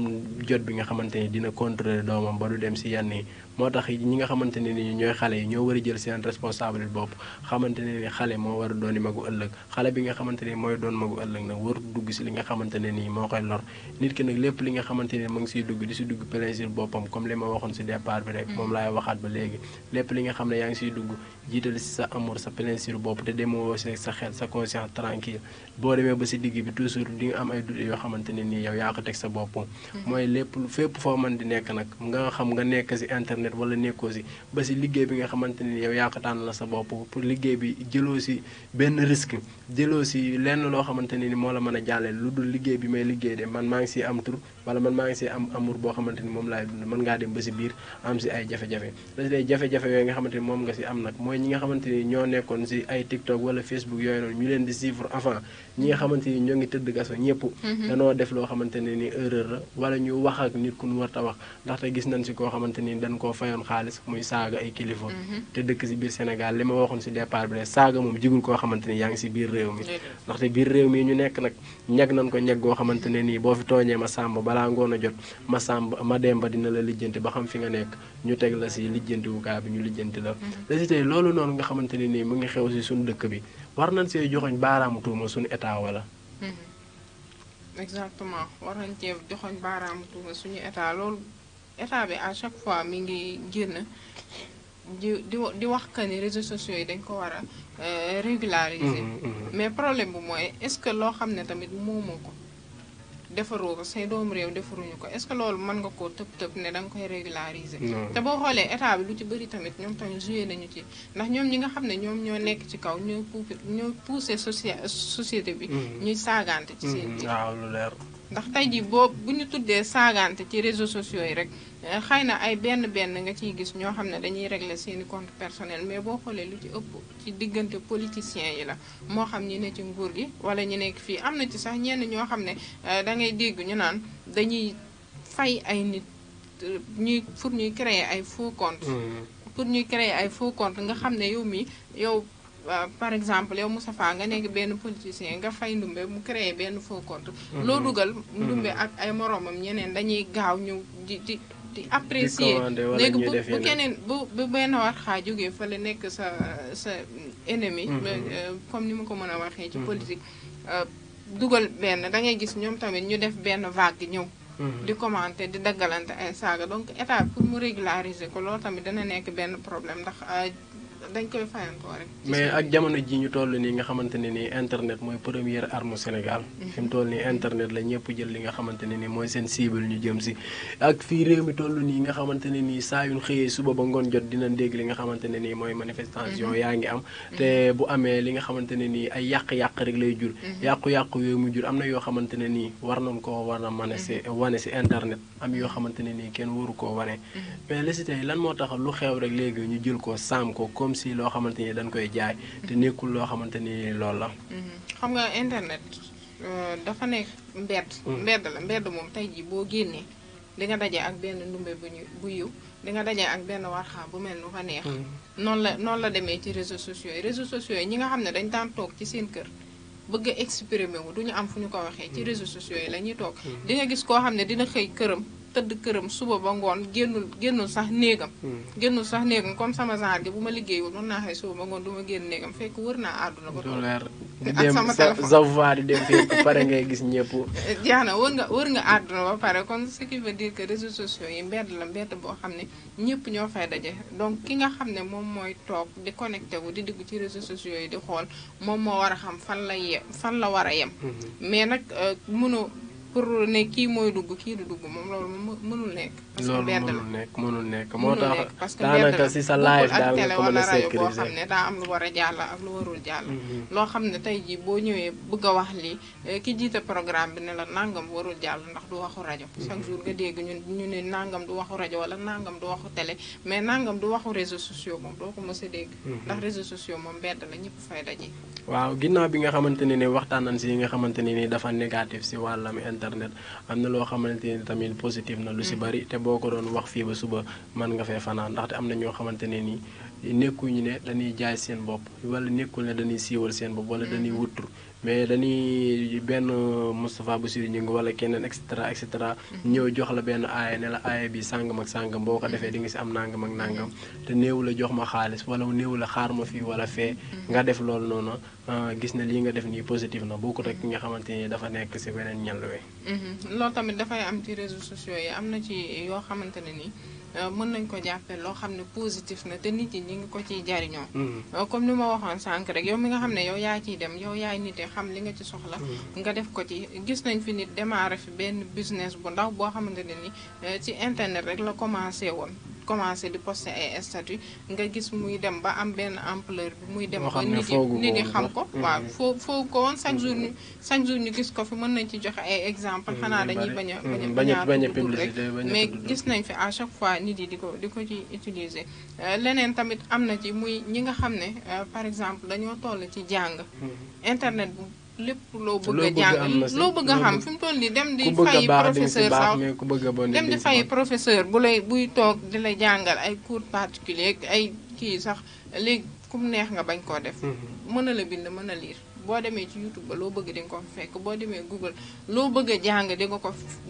jot bi nga xamante ni dina contrôler doomam ba du dem si yan yi moo tax ñi nga xamante ne ni ñooy xale yi ñoo war a jël seen responsabilité bopp xamante ne xale moo war a dooni magu ëllëg xale bi nga xamante ne mooy doon magu ëllëg nag dugg si li nga xamante ne nii moo koy lor nit ki nag lépp li nga xamante ne mu ngi siy dugg di si dugg plaisir boppam comme li ma waxoon si départ bi rek moom laay waxaat ba léegi lépp li nga xam ne yaa ngi siy dugg jiital si sa amour sa plaisir bopp te demoo si sa xel sa conscience tranquille boo demee ba si digg bi toujours di nga am ay dund yoo xamante ne nii yow yaa ko teg sa bopp hmm. mooy lépp fépp foo man di nekk nag nga xam nga nekk si internet net wala nekkoo si ba si liggéey bi nga xamante ni yow yaa ko tànn la sa bopp pour liggéey bi jëloo si benn risque jëloo si lenn loo xamante ni moo la mën a jàllale lu dul liggéey bi may liggéey de man maa ngi si am tur wala man maa ngi si am amour boo xamante ni moom laay dund mën ngaa dem ba si biir am si ay jafe-jafe lay jafe-jafe yooyu nga xamante ni moom nga si am nag mooy ñi nga xamante ni ñoo nekkoon si ay TikTok wala Facebook yooyu noonu ñu leen di suivre avant ñi nga xamante ni ñoo ngi tëdd kaso ñëpp mhm. danoo def loo xamante ne ni erreur la wala ñu wax ak nit ku ñu war ta wax ndaxte gis nañ si koo xamante ni dañ koo fayoon xaalis muy saaga ay kilifa mhm. te dëkk si biir Sénégal li ma waxoon si départ bi ne saaga moom jigul koo xamante ni yaa ngi si biir réew mi ndaxte biir réew mi ñu nekk nag ñeg nañ ko ñeg goo xamante ne nii boo fi tooñee ma sàmb balaa ngoon a jot ma sàmb ma demba dina la lijjanti ba xam fi nga nekk ñu teg la si lijjantiwukaa bi ñu lijjanti la la mhm. loolu noonu nga xamante ne nii mu ngi xew si suñu dëkk bi war nañ see joxoñ baaraamu tuuma suñu état wala. Mm-hmm. exactement war nañ cee joxoñ baaraamu tuuma suñu état loolu état bi à chaque fois mi ngi génn di di di wax que ni réseaux sociaux yi dañ ko war a euh, régulariser. Mm-hmm, mm-hmm. mais problème bu mooy est-ce que loo xam ne tamit moomoo ko. defaroo ko see doomu réew defaruñu ko est-ce que loolu mën nga koo tëb tëb ne da nga koy régulariser. te boo xoolee état bi lu ci bëri tamit ñoom tamit joué nañu ci ndax ñoom ñi nga xam ne ñoom ñoo nekk ci kaw ñoo poussé ñoo poussé société bi. Mm-hmm. ñuy saagante ci seen mm-hmm. biir waaw ah, lu leer. ndax tey jii boobu bu ñu tuddee saagante ci réseaux sociaux yi rek eh, xëy na ay benn benn nga ciy gis ñoo xam ne dañuy régler seeni compte personnel mais boo xoolee lu ci ëpp ci diggante politiciens yi la moo xam ni ne ci nguur gi wala ñu nekk fii am na ci sax ñenn ñoo xam ne eh, da ngay dégg ñu naan dañuy fay ay nit eh, ñuy pour ñuy créer ay faux compte mm. pour ñuy créer ay faux compte nga xam ne yow mi yow Euh, par exemple yow Moustapha nga nekk benn politicien nga fay ndumbe mu créé benn faux compte mhm. loo dugal mhm. ndumbe ak ay moroomam ñeneen dañuy gaaw ñu di di di apprécier léegi bu bu benn wax xaa jógee fa la nekk sa sa ennemi mhm. euh, comme ni ma ko mën a waxee ci politique euh, dugal benn da ngay gis ñoom tamit ñu def benn vague ñëw di commenté di daggalante ay saaga donc état pour mu régulariser ko loolu tamit dana nekk benn problème ndax dañ koy fayantoo rek. mais ak jamono ji ñu toll nii nga xamante ne nii internet mooy première arme Sénégal. Mhm. fi mu toll nii internet la ñëpp jël li nga xamante ne nii mooy seen cible ñu jëm si. ak fii réew mi toll nii nga xamante ne nii saa yu xëyee suba ba ngoon jot dina dégg li nga xamante ne nii mooy manifestation mhm. yaa ngi am. Mhm. te bu amee li nga xamante ne nii ay yàq-yàq rek lay jur. yàqu yàq yooyu mu jur am na yoo xamante ne nii war nañ koo war na mën si wane si internet am yoo xamante ne nii kenn waru koo wane. mais li ko saam si loo xamante ni dañ koy jaay te nekkul loo xamante ni loolu la. Mm-hmm. xam nga internet euh, dafa nekk mbedd. Mm. mbedd la mbedd moom tey jii boo génnee di nga daje ak benn ndumbe bu ñu bu yiw di nga daje ak benn warxaa bu mel nu fa neex. Mm. noonu la noon la demee ci réseaux sociaux yi réseaux sociaux yi ñi nga xam ne dañ daan toog ci seen kër. bëgg a wu du ñu am fu ñu ko waxee. ci mm. réseau sociaux yi la ñuy toog. di nga gis koo xam ne dina xëy këram. tëdd këram suba ba ngoon génnul génnul sax néegam hmm. génnul sax néegam comme sama genre gi bu ma liggéeyul mën naa xëy suba ba ngoon du ma génn néegam fekk wër naa àdduna ba ak sama téléphone sa voix di dem fii pare ngay gis ñëpp jeex na wër nga wër nga àdduna ba pare kon ce qui veut dire que réseaux sociaux yi mbedd la mbedd boo xam ne ñëpp ñoo fay daje donc ki nga xam ne moom mooy toog di connecté wu di dugg ci réseaux sociaux yi di xool moom moo war a xam fan la yem la war a yem hmm. mais nag euh, mënu pour ne kii mooy dugg kii du dugg moom loolu moom mënul nekk. parce que benn la nekk mënul nekk moo tax. daanaka si sa live daal nga ko mën a sécuriser boo xam ne daa am lu war a jàll ak lu warul mm-hmm. loo xam ne tey jii boo ñëwee bëgg a wax lii eh, ki jiite programme bi ne la nangam warul jàll ndax du waxu rajo. Mm-hmm. chaque jour nga dégg ñun ñu ne nangam du waxu rajo wala nangam du waxu tele mais nangam du waxu réseaux sociaux moom doo ko mës dégg. Mm-hmm. ndax réseaux sociaux moom benn la ñëpp fay daje. waaw ginnaaw bi nga xamante ne ne waxtaan nañ si yi nga xamante ne ni dafa négatif si wàllam internet am na loo xamante ni tamit positif na lu si mm. bari te boo ko doon wax fii ba suba mën nga fee fanaan ndaxte am na ñoo xamante ne nii ñu ne dañuy jaay seen bopp wala nekkul ne dañuy siiwal seen bopp wala dañuy wutur mais dañuy benn Moustapha Bassirou Gningue wala keneen et cetera et cetera. Mhm. ñëw jox la benn aaya ne la aaya bi sàngam ak sàngam boo ko defee di nga si am nangam ak nangam te néew la jox ma xaalis wala néew la xaar ma fi wala fee. Mhm. nga def loolu noonu ah, gis na lii nga def nii positif na bokkut ak ki nga xamante ni dafa nekk si beneen ñàll wi. Mhm. loolu tamit dafay am ci réseaux sociaux yi am na ci yoo xamante ne nii. Euh, mën nañ ko jàppee loo xam ne positif na te nit yi ñu ngi ko ciy jariñoo mm. euh, comme ni ma waxoon sànq rek yow mi nga xam ne yow yaa ciy dem yow yaay nite xam li nga ci soxla mm. nga def ko ci gis nañ fi nit démarré fi benn business bu ndaw boo xamante ne ni euh, ci internet rek la commencé woon commencé di poster ay statut nga gis muy dem ba am benn ampleur bi muy dem ko nit ñi nit ñi xam ko mm-hmm. waaw foo foo ko woon chaque mm-hmm. jour ñu chaque gis ko fi mën nañ ci joxe ay exemple mm-hmm. xanaa dañuy bañ a bañ a bañ a mais gis nañ fi à chaque fois nit yi di ko di ko ci utiliser euh, leneen tamit am na ci muy ñi nga xam ne euh, par exemple dañoo toll ci jàng internet bu lépp loo bëgg a jàng loo bëgg a xam fi mu toll nii dem di fayi professeur sax dem di fayi professeur bu lay buy toog di la jàngal ay cours particulier ay kii sax léegi ku neex nga bañ koo def mhm. mën a la bind mën a liir boo demee ci YouTube ba loo bëgg di nga ko fa fekk boo demee Google loo bëgg a jàng di ko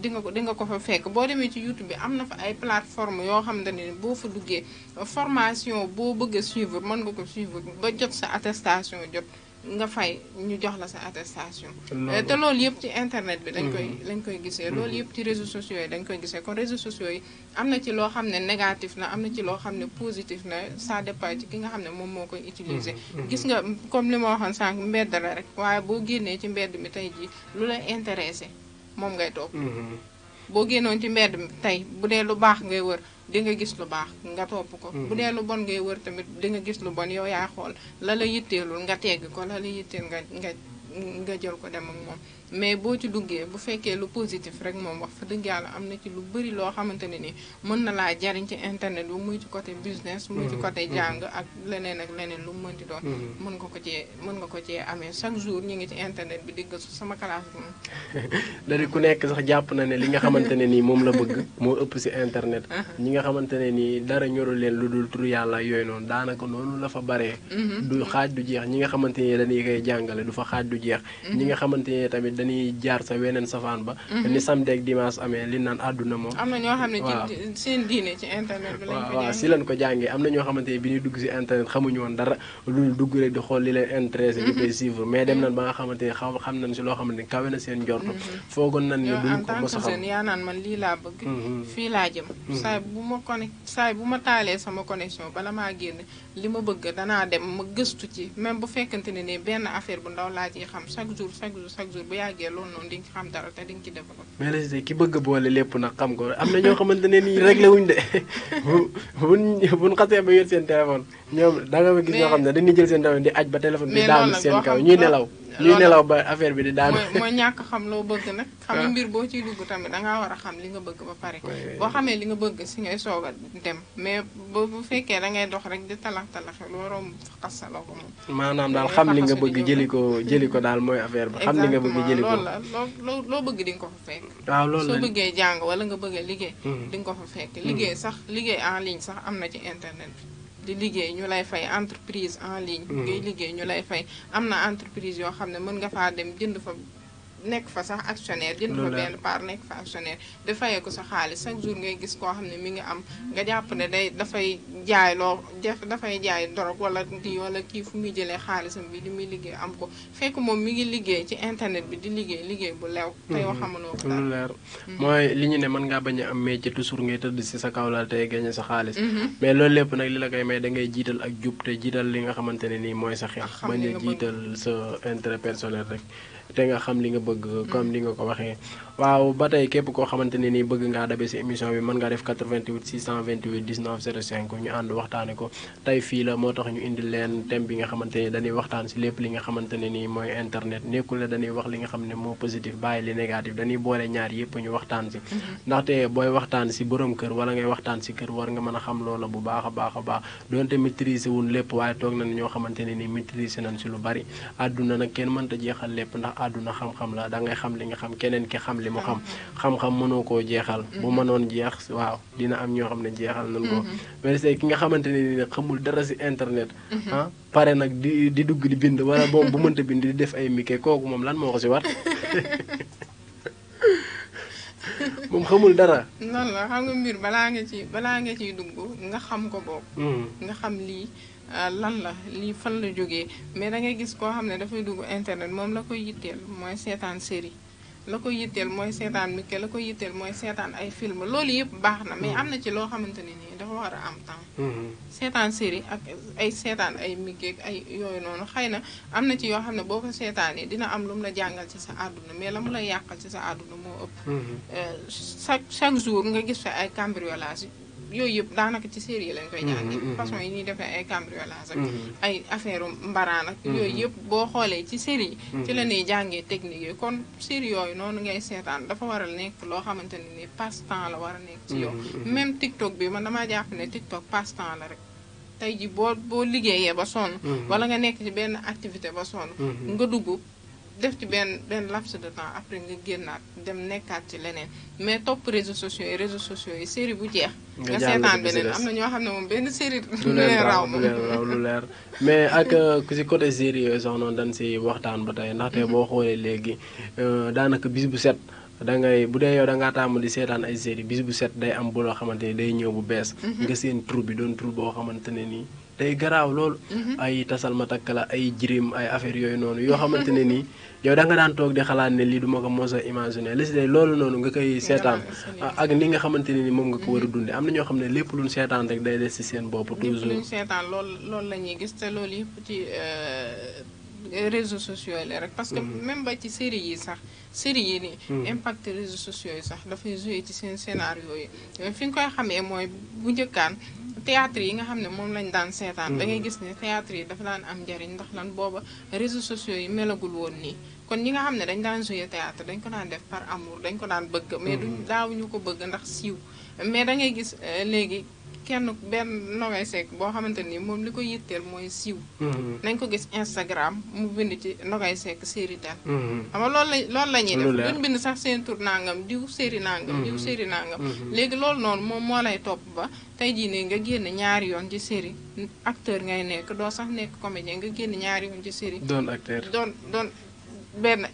di nga ko di nga ko fa fekk boo demee ci YouTube bi am na fa ay plateforme yoo xam ne boo fa duggee formation boo bëgg a suivre mën nga ko suivre ba jot sa attestation jot nga fay ñu jox la sa attestation te loolu euh, yëpp ci internet bi dañ koy mhm. lañ koy gisee loolu mhm. yëpp ci réseaux sociaux yi dañ koy gisee kon réseaux sociaux yi am na ci loo xam ne négatif na am na ci loo xam ne positif na ça dépend ci ki nga xam ne moom moo koy utiliser mhm. gis nga comme li ma waxoon sànq mbedd la rek waaye boo génnee ci mbedd mi tey ji lu lay intéressé moom ngay toog boo génnoon ci mbedd mi tey bu dee lu baax ngay wër di nga gis lu baax nga topp ko mm-hmm. bu dee lu bon ngay wër tamit di nga gis lu bon yow yaa xool la la yitteelul nga tegg ko la la yitteel nga nga nga jël ko dem ak moom mais boo ci duggee bu fekkee lu positif rek moom wax fa dëgg yàlla am na ci lu bëri loo xamante ne ni mën na laa jariñ ci internet bi muy côté business. muy mm-hmm. côté mm-hmm. jàng ak leneen ak leneen lu mu mënti doon. Mm-hmm. mën nga ko cee mën nga ko cee amee chaque jour ñu ngi ci internet bi digg su sama classe bi moom. ku nekk sax jàpp na ne li nga xamante ne ni moom la bëgg moo ëpp si internet. Uh-huh. ñi nga xamante ne ni dara ñoru leen lu dul turu yàlla yooyu noonu daanaka noonu la fa baree. du xaaj du jeex ñi nga xamante ne koy jàngale du fa xaaj du jeex. ñi nga xamante tamit dañuy jaar sa weneen safaan ba mhm. ni samedi ak dimanche amee li naan àdduna moom am na ñoo xam ne ci seen diine ci internet bi lañ ko waaw si lañ ko jàngee am na ñoo xamante ne bi ñuy dugg si internet xamuñu woon dara lu dugg rek di xool li leen intéressé di mhm. koy suivre mais dem nañ mhm. ba nga xamante ne xam xam nañ si loo xamante ne kawe na seen njort foogoon nañ ne duñ ko mos a xam yaa naan man lii laa bëgg fii laa jëm saay bu ma connect saay bu ma taalee sama connexion bala maa génn li ma bëgg danaa dem ma ci même bu fekkante ne ne benn affaire bu ndaw laa ciy xam chaque jour yàggee loolu noonu di nga te di nga ci développé. mais la si ki bëgg boole lépp nag xam ko am na ñoo xamante ne nii réglé wuñ de bu bu bu xasee ba yor seen téléphone ñoom da nga gis ñoo xam ne dañuy jël seen téléphone di aj ba téléphone bi daanu seen kaw ñuy nelaw. ñuy nelaw ba affaire bi di daan mooy ñàkk xam loo bëgg nag xam nga ah. mbir boo ciy dugg tamit dangaa war a xam li nga bëgg ba pare boo xamee li nga bëgg si ngay soog a dem mais bu fekkee da ngay dox rek di talax talaxe looroom faxas sa loxo moom maanaam daal xam li nga bëgg jëli ko jëli ko daal mooy affaire bi xam li nga bëgg jëli ko loolu la loo loo bëgg di nga ko fa fekk waaw jàng wala nga bëggee liggéey hmm. di nga ko fa fekk hmm. liggéey sax liggéey en ligne sax am na ci internet bi di liggéey ñu lay fay entreprise en ligne. Mm-hmm. ngay liggéey ñu lay fay am na entreprise yoo xam ne mën nga faa dem jënd fa nekk fa sax actionnaire jënd fa benn part nekk fa actionnaire dafayee ko sa xaalis chaque jour ngay gis koo xam ne mi ngi am nga jàpp ne day dafay jaay loo def dafay jaay dorog wala di wala kii fu muy jëlee xaalisam bi di muy liggéey am ko fekk moom mi ngi liggéey ci internet bi di liggéey liggéey bu lew te yoo xamanoo ko dara leer mhm. mooy li ñu ne mën ngaa bañ am métier toujours ngay tëdd si sa kaw laal tey gagné sa xaalis mhm. mais loolu lépp nag li la koy may da ngay jiital ak jub te jiital li nga xamante ne nii mooy sa xel bañ a sa intérêt personnel rek te nga xam li nga bëgg mm. comme li nga ko waxee waaw ba tey képp koo xamante ne nii bëgg ngaa dabe si émission bi mën nga def 88 628 19 05 ñu ànd waxtaane ko tey fii la moo tax ñu indi leen thème bi nga xamante ni dañuy waxtaan si lépp li nga xamante ne nii mooy internet nekkul ne dañuy wax li nga xam ne moo positif bàyyi li négatif dañuy boole ñaar yëpp ñu waxtaan si mm-hmm. ndaxte booy waxtaan si borom kër wala ngay waxtaan si kër war nga mën a xam loola bu baax a baax a baax donte maîtriser wuñ lépp waaye toog nañ ñoo xamante ne nii maîtriser nañ si lu bari àdduna nag kenn mënta jeexal lépp ndax àdduna xam-xam la da ngay xam li nga xam keneen ki xam li mu xam xam-xam mënoo koo jeexal bu mënoon jeex waaw dina am ñoo xam ne jeexal nañ ko mm-hmm. mais c'est ki nga xamante ne ni xamul dara si internet mm-hmm. ah pare nag di di dugg di bind wala boom bu mënta bind di def ay mike kooku moom lan moo ko si war moom xamul dara. noonu la xam nga mbir balaa nga ci balaa nga ciy dugg nga xam ko boobu. Mm. nga xam lii. Euh, lan la lii fan la jógee mais da ngay gis koo xam ne dafay dugg internet moom la koy yitteel mooy seetaan série la koy yitteel mooy seetaan mike la koy yitteel mooy seetaan ay film loolu yëpp baax na mais am na ci loo xamante ne nii dafa war a am temps mm-hmm. seetaan série ak ay seetaan ay mike ay yooyu noonu xëy na am na ci yoo xam ne boo ko seetaanee dina am lu mu la jàngal ci sa àdduna mais la mu la yàqal ci sa àdduna moo ëpp mm-hmm. euh, chaque chaque jour nga gis fa ay cambriolage yooyu yëpp daanaka ci série lañ koy jàngi mm-hmm, mm-hmm. façon yi ñuy defee ay cambriolage ak mm-hmm. ay affaire mbaraan ak yooyu yëpp boo xoolee ci série yi ci la ñuy jàngee technique yooyu kon série yooyu noonu ngay seetaan dafa war a nekk loo xamante ne ni passe temps la war a nekk ci yoo même TikTok bi man damaa jàpp ne TikTok passe temps la rek tey ji boo boo liggéeyee ba sonn wala nga nekk ci benn activité ba sonn nga dugg def ci benn benn laps de temps après nga génnaat dem nekkaat ci leneen mais topp réseaux sociaux yi réseaux sociaux yi série bu jeex. nga seetaan beneen am na ñoo xam ne moom benn série. lu leer mais ak euh, si côté série yooyu sax noonu dañ si waxtaan ba tey ndaxte mhm. boo xoolee léegi euh, daanaka bis bu set. da ngay bu dee yow da ngaa taamu di seetaan ay série bis bu set day am bu loo xamante ni day ñëw bu bees. Mhm. nga seen tur doon tur boo xamante ne nii. tey garaaw loolu. Mhm. ay tasal ma takk la ay jirim ay affaire yooyu noonu yoo xamante ne nii yow da nga daan toog di xalaat ne lii du ko mos a imaginer li si day loolu noonu nga koy seetaan ak ni nga xamante ne nii moom nga ko war a dundee am na ñoo xam ne lépp luñ seetaan rek day des ci seen bopp. toujours lépp seetaan loolu loolu la ñuy gis te loolu yëpp euh, réseaux sociaux yi la rek parce que mhm. même ba ci série yi sax série yi ni mhm. impact réseaux sociaux yi sax dafay joué ci seen scénario yi fi nga koy xamee mooy bu njëkkaan théâtre yi nga xam ne moom lañ daan seetaan mhm. da ngay gis ne théâtre yi dafa daan am njariñ ndax lan booba réseaux sociaux yi melagul woon nii kon ñi nga xam ne dañ daan joué théâtre dañ ko daan def par amour dañ ko daan bëgg mais duñ daawuñu ko bëgg ndax siiw mais da ngay gis euh, léegi kenn benn Nogay Seck boo xamante ni moom li ko yitteel mooy siw mm-hmm. nañ ko gis Instagram mu bind ci Nogay Seck sekk daal. Mm-hmm. xam nga loolu la loolu la ñuy def duñ bind sax seen tur nangam diw série nangam. diw mm-hmm. série nangam. léegi loolu noonu moom moo lay topp ba tey jii ne nga génn ñaari yoon ci série acteur ngay nekk doo sax nekk comédien nga génn ñaari yoon ci série. doon acteur doon doon. benn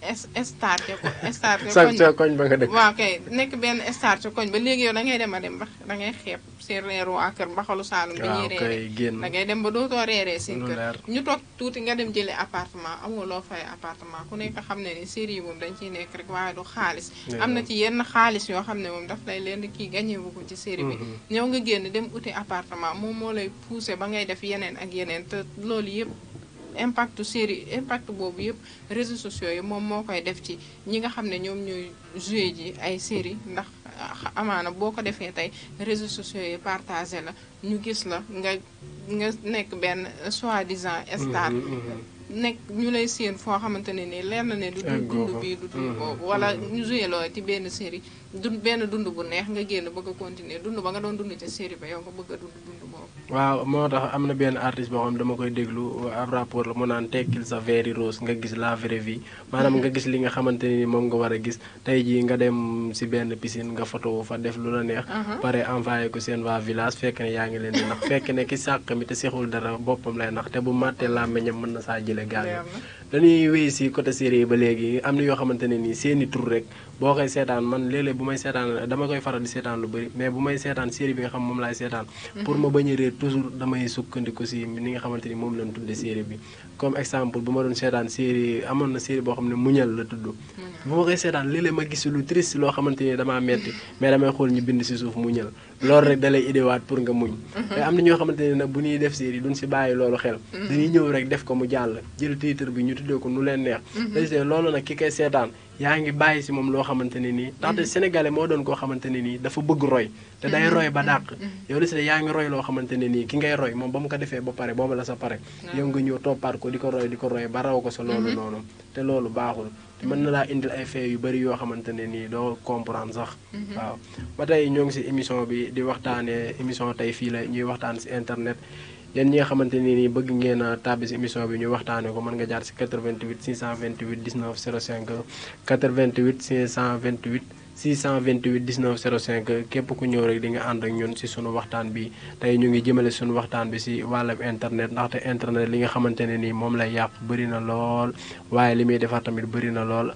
star ca star ca koñ ba nga dëkk waaw kay nekk benn star ca koñ ba léegi yow da ngay dem a dem ba da ngay xeeb si reeru waa kër mbaxalu saalum bi ñuy reere da ngay dem ba dootoo reeree seen kër ñu toog tuuti nga dem jëlee appartement amoo loo fay appartement ku nekk xam ne ni série moom dañ ciy nekk rek waaye du xaalis am na ci yenn xaalis yoo xam ne moom daf lay leen kii gagné ko ci série bi mm-hmm. ñëw nga génn dem uti appartement moom moo lay poussé ba ngay def yeneen ak yeneen loolu yëpp impact série impact boobu yëpp réseaux sociaux yi moom moo koy def ci ñi nga xam ne ñoom ñooy joué ji ay série ndax amaana boo ko defee tey réseaux sociaux yi partagé la ñu gis la nga nga nekk benn soi-disant star mm-hmm, mm-hmm. nekk ñu lay séen foo xamante ne ni leer na ne du dund bii du dund mm-hmm, boobu wala ñu joué loo ci benn série du benn dund bu neex nga génn bëgg a continuer dund ba nga doon dund ca série ba yow nga bëgg a dund dund waaw moo tax am na benn artiste boo xam dama koy déglu ab rapport la mu naan tekkil sa verre rose nga gis la vraie vie maanaam nga gis li nga xamante nii moom nga war a gis tey jii nga dem si benn piscine nga photo fa def lu la neex. Uh-huh. pare envoyé ko seen waa village fekk ne yaa ngi leen di nax fekk ne ki sàq mi te seexul dara boppam lay nax te bu màttee làmmiñam mën na saa jële gaañu. dañuy wéy si côté série ba léegi am na yoo xamante ne nii seeni tur rek. boo koy seetaan man léeg-léeg bu may seetaan dama koy faral di seetaan lu bëri mais bu may seetaan série bi nga xam moom laay seetaan mhm. pour ma bañ a réer toujours damay sukkandiku si ni nga xamante ni moom lañ tudde série bi comme exemple bu ma doon seetaan série amoon na série boo xam ne muñal la tudd bu ma koy seetaan léeg ma gis lu triste loo xamante ni damaa metti mais damay xool ñu bind si suuf muñal loolu rek da lay pour nga muñ te mhm. am na ñoo xamante ne nag bu ñuy def série dun si bàyyi loolu xel mhm. dañuy ñëw rek def ko mu jàll jël titre bi ñu tuddee ko nu leen neex mhm. te loolu nag ki koy seetaan yaa ngi bàyyi si moom loo xamante ne nii ndaxte sénégalais moo doon koo xamante ne nii dafa bëgg roy te day roy ba dàq yow li si yaa ngi roy loo xamante ne nii ki ngay roy moom ba mu ko defee ba pare booba la sa pare yow nga ñëw toppaat ko di ko roy di ko roy ba ko sa loolu noonu te loolu baaxul mën na laa indil ay fee yu bëri yoo xamante ne nii doo comprendre sax. Mhm. waaw ba tey ñoo ngi si émission bi di waxtaanee émission tey fii la ñuy waxtaan si internet yéen ñi nga xamante ne nii bëgg ngeen a tàbbi si émission bi ñu waxtaanee ko mën nga jaar si 88 628 19 05 88 528. 628 19 05 képp ku ñëw rek di nga ànd ak ñun si sunu waxtaan bi tey ñu ngi jëmale sunu waxtaan bi si wàllum internet ndaxte internet li nga xamante ne nii moom lay yàq bëri na lool waaye li muy defar tamit bëri na lool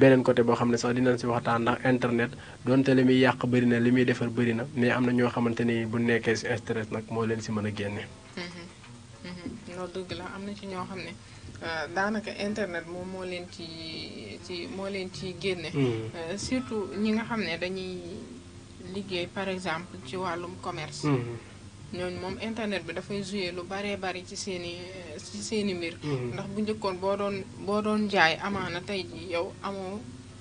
beneen côté boo xam ne sax dinañ si waxtaan ndax internet donte li muy yàq bëri na li muy defar bëri na mais am na ñoo xamante ni bu nekkee si stress nag moo leen si mën a génne. Mm-hmm. Mm-hmm. Euh, daanaka internet moom moo leen ci ci moo leen ci génne. Hmm. Euh, surtout ñi nga xam ne dañuy liggéey par exemple ci wàllum commerce. Hmm. ñooñ moom internet bi dafay jouer lu baree bari ci seen i ci seen i mbir. Hmm. ndax bu njëkkoon boo doon boo doon jaay amaana tey jii yow amoo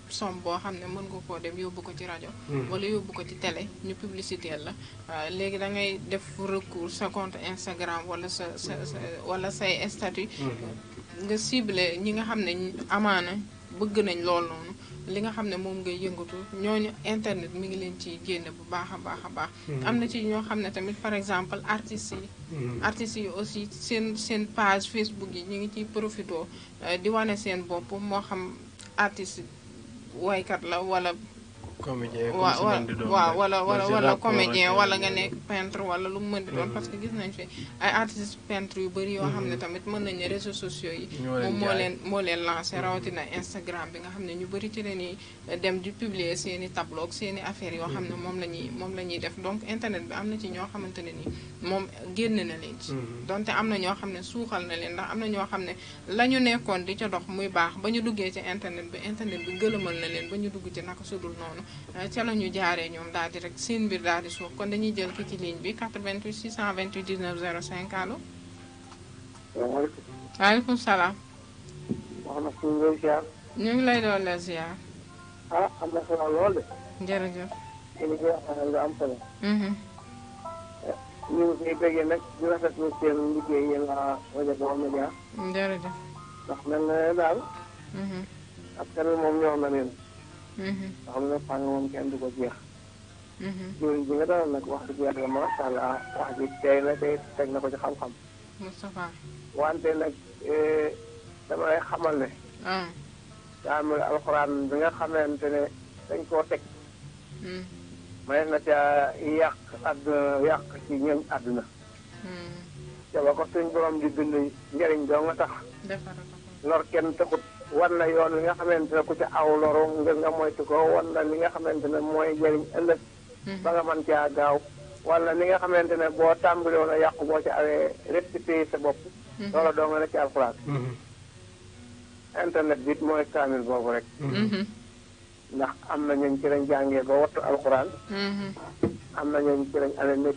som boo xam ne mën nga koo dem yóbbu ko ci rajo. wala yóbbu ko ci télé ñu publicité la euh, léegi da ngay def recours sa compte Instagram wala sa sa wala say statut. nga ciblé ñi nga xam ne amaana bëgg nañ lool noonu li nga xam ne moom ngay ñoo ñooñu internet mi ngi leen ci génne bu baax a baax a baax hmm. am na ci ñoo xam ne tamit par exemple artistes yi hmm. aussi seen seen page Facebook yi ñu ngi ciy profito di wane seen bopp moo xam artiste woykat la wala comédien waaw wala wala wala comédien wala nga ne pentre wala lu mu mën di doon mm. parce que gis nañ fi ay artistes pentre yu bëri yoo xam ne mm-hmm. tamit mën nañu réseaux sociaux yi moom moo leen moo leen lancé mm-hmm. rawatina Instagram bi nga xam ne ñu bëri ci la ñuy dem di publier seen i seen i affaires yoo xam ne mm-hmm. moom la ñuy moom la ñuy def donc internet bi am na ci ñoo xamante ne ni moom génn na leen ci donte am na ñoo xam ne suuxal na leen ndax am na ñoo xam ne la ñu nekkoon di ca dox muy baax ba ñu duggee ci internet bi internet bi gëlëmal na leen ba ñu dugg ci naka sudul noonu Euh, ca la ñu jaaree ñoom daal di rek seen mbir daal di suuf kon dañuy jël ki ci ligne bi 88 628 19 05 allo. salaamaaleykum. waaleykum salaam. wax na suñu lay ziar. ñu ngi lay doon la ziar. ah am na solo lool de. jërëjëf. Mhm. Eh, ñu ndax mel na ne daal. Mhm. moom ñor na leen. Mm-hmm. nga xam ne kenn du ko jeex. jëriñ mm-hmm. bi nag wax dëgg yàlla macha allah wax ji tey na ko ci xam-xam. wante nag eh, dama lay xamal ne. kaamil ah. alxuraan bi nga xamante ne dañ koo teg. Mm. may na ca yàq àdduna yàq ci ñoom àdduna. Mm. te ba ko suñ borom di bind njëriñ doo nga tax. lor kenn taxut. wan na yoon li nga xamante ne ku ci aw loru ngir nga moytu ko wan la li nga xamante ne mooy jëriñ ëllëg. Mhm. ba nga mën caa gaaw. wala li nga xamante ne boo tàmbali woon a yàqu boo ci awee rectifier sa bopp. Mhm. loola doo nga ne ci alxuraan. Mhm. internet bi it boobu rek. am na ñooñu ci lañ jàngee ba wattu alxuraan. am na ñooñu ci lañ amee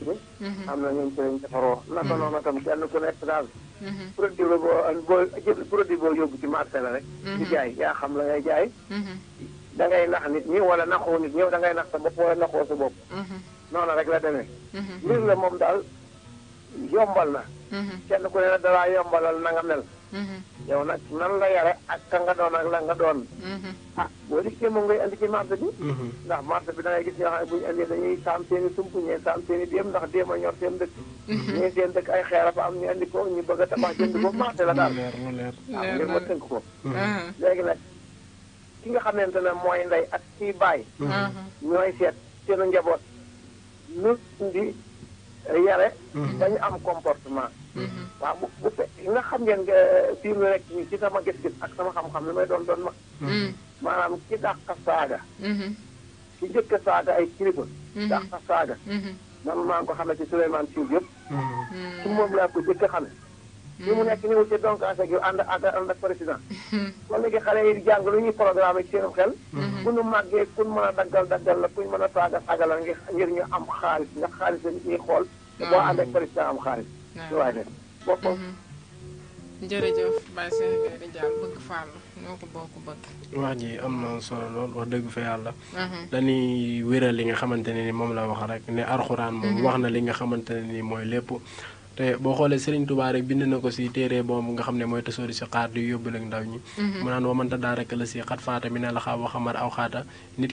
am na ñooñu ci lañ defaroo. naka noonu tam kenn ku nekk daal. Mhm. produit la boo boo jël produit boo yóbbu ci marché la rek. Mhm. di jaay yaa xam la ngay jaay. Mhm. da ngay nax nit ñi wala naxoo nit ñëw da nax sa bopp wala naxoo sa bopp. noonu rek la demee. mbir la moom daal yombal na. kenn ku ne dalaa yombalal na mel. yow nag nan la yare ak ka nga doon ak la nga doon. Mm-hmm. ah boo dikkee moom ngay indi ci marché bi. Mm-hmm. ndax marché bi da gis yoo xam ne bu ñu andee dañuy saam seen i sump ñee saam seen i déem ndax déem ñor seen dëkk. Mm-hmm. ñee seen dëkk ay xeer a fa am ñu andi ko ñu bëgg a tabax jënd ko marché la daal. waaw ah, ngir ma tënk ko. léegi nag ki nga xamante ne mooy ndey ak kii baay. ñooy seet seenu njaboot. ñu indi yare. dañu am comportement. Mm-hmm. waaw bu bu fe nga xam ngeen fii mu nekk ci sama gis-gis ak sama xam-xam li may doon doon mag. Mm-hmm. maanaam ki dàq saaga. Mm-hmm. ki njëkk a saaga ay kilifa. dàq saaga. man maa ngi ko xamee ci Souleymane Sy yëpp. ci moom laa ko njëkk a xamee. mu nekk nii ci donc ak yu ànd ak ànd ak président. kon léegi xale yi di jàng lu ñuy programme ci seen xel. ku ñu màggee ku mën a daggal daggal la ku mën a saaga saaga la ngir ñu am xaalis ndax xaalis la ñuy xool. boo ànd ak président am xaalis. lu waay def boppam. jërëjëf Baye Cheikh Gaïndé Diagne bëgg Fallou ñoo ko bëgg. wax ji am na solo lool wax dëgg fi yàlla. Mhm. dañuy wéral li nga xamante ne ni moom la wax rek ne arxuraan moom mhm. wax na li nga xamante ne ni mooy lépp. te boo xoolee Serigne Touba rek bind na ko si téere boobu nga xam ne mooy tasoori si xaar di yóbbal ak ndaw ñi mhm. mu naan wamanta daa rek la si xat faata mi ne la xaa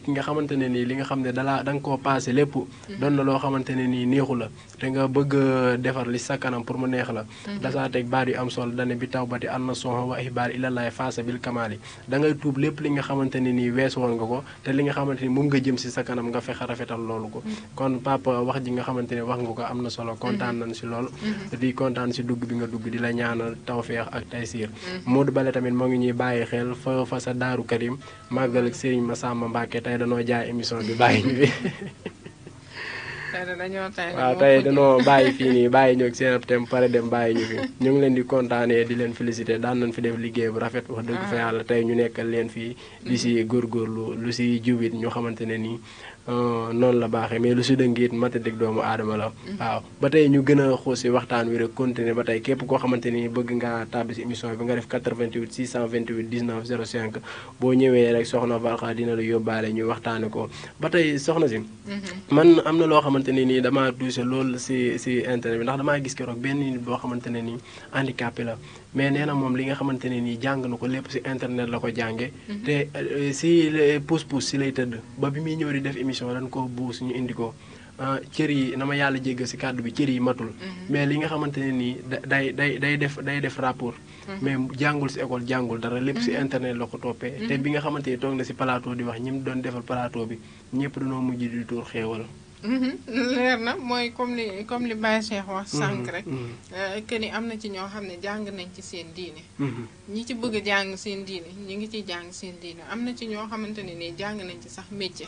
ki nga xamante ne nii li nga xam ne dalaa da nga koo passé lépp mhm. doon na loo xamante ne nii neexu la te nga bëgg defar li sa kanam pour mu neex la mhm. dasaateeg baat yu am solo dane bi taw bati an na sonxo wa xibaar ilalaay faasa bil kamaali da dangay tuub lépp li nga xamante ne nii wees woon nga ko te li nga xamante ni moom nga jëm si sa kanam nga fexe rafetal loolu ko kon papa wax ji nga xamante ne wax nga ko am na solo kontaan nañ si loolu di kontaan si dugg bi nga dugg di la ñaanal tawféex ak taysiir mm-hmm. Modou Bale tamit moo ngi ñuy bàyyi xel fa fa sa daaru Karim màggal ak ma sàmm mbàkke tey danoo jaay émission bi bàyyi ñu fi waaw tey danoo bàyyi fii nii bàyyi ñu ak seen ab thème pare dem bàyyi ñu fi ñu ngi leen di kontaanee di leen féliciter daan nañ fi def liggéey bu rafet wax dëgg fa ah. yàlla tey ñu nekkal leen fii lu si mm-hmm. góorgóorlu lu si jubit ñu xamante ne nii Euh, noonu la baaxee mais lu si dëng it matadik doomu aadama la. Mm-hmm. waaw ba tey ñu gën a xuus si waxtaan wi rek continuer ba tey képp koo xamante ni bëgg ngaa tàbbi si émission bi nga def 88 628 19 05 boo ñëwee rek soxna Valka dina la yóbbaale ñu waxtaanee ko ba tey soxna si. Mm-hmm. man am na loo xamante ne nii damaa touché loolu si si internet bi ndax damaa gis keroog benn nit boo xamante ne nii handicapé la. mais nee na moom li nga xamante ne nii jàng na ko lépp si internet la ko jànge mhm. te si euh, pousse pousse si lay tëdd ba bi muy ñëw di def émission dañ ko buus ñu indi ko euh, cër yi na ma yàlla jéggal si kàddu bi cër yi matul. Mhm. mais li nga xamante ne nii day day day def day def rapport. Mhm. mais jàngul si école jàngul dara lépp si internet la ko toppee. te bi nga xamante ni toog na si palaato di wax ñi mu doon defal plateau bi ñëpp dañoo mujj di tuur xéewal Mm-hmm. leer na mooy comme li comme li Baye Cheikh wax mm-hmm. sànq rek. Mm-hmm. Euh, que ni am na ci ñoo xam ne jàng nañ ci seen diine. ñi ci bëgg a jàng seen diine ñu ngi ciy jàng seen diine am na ci ñoo xamante ne nii jàng nañ ci sax métier.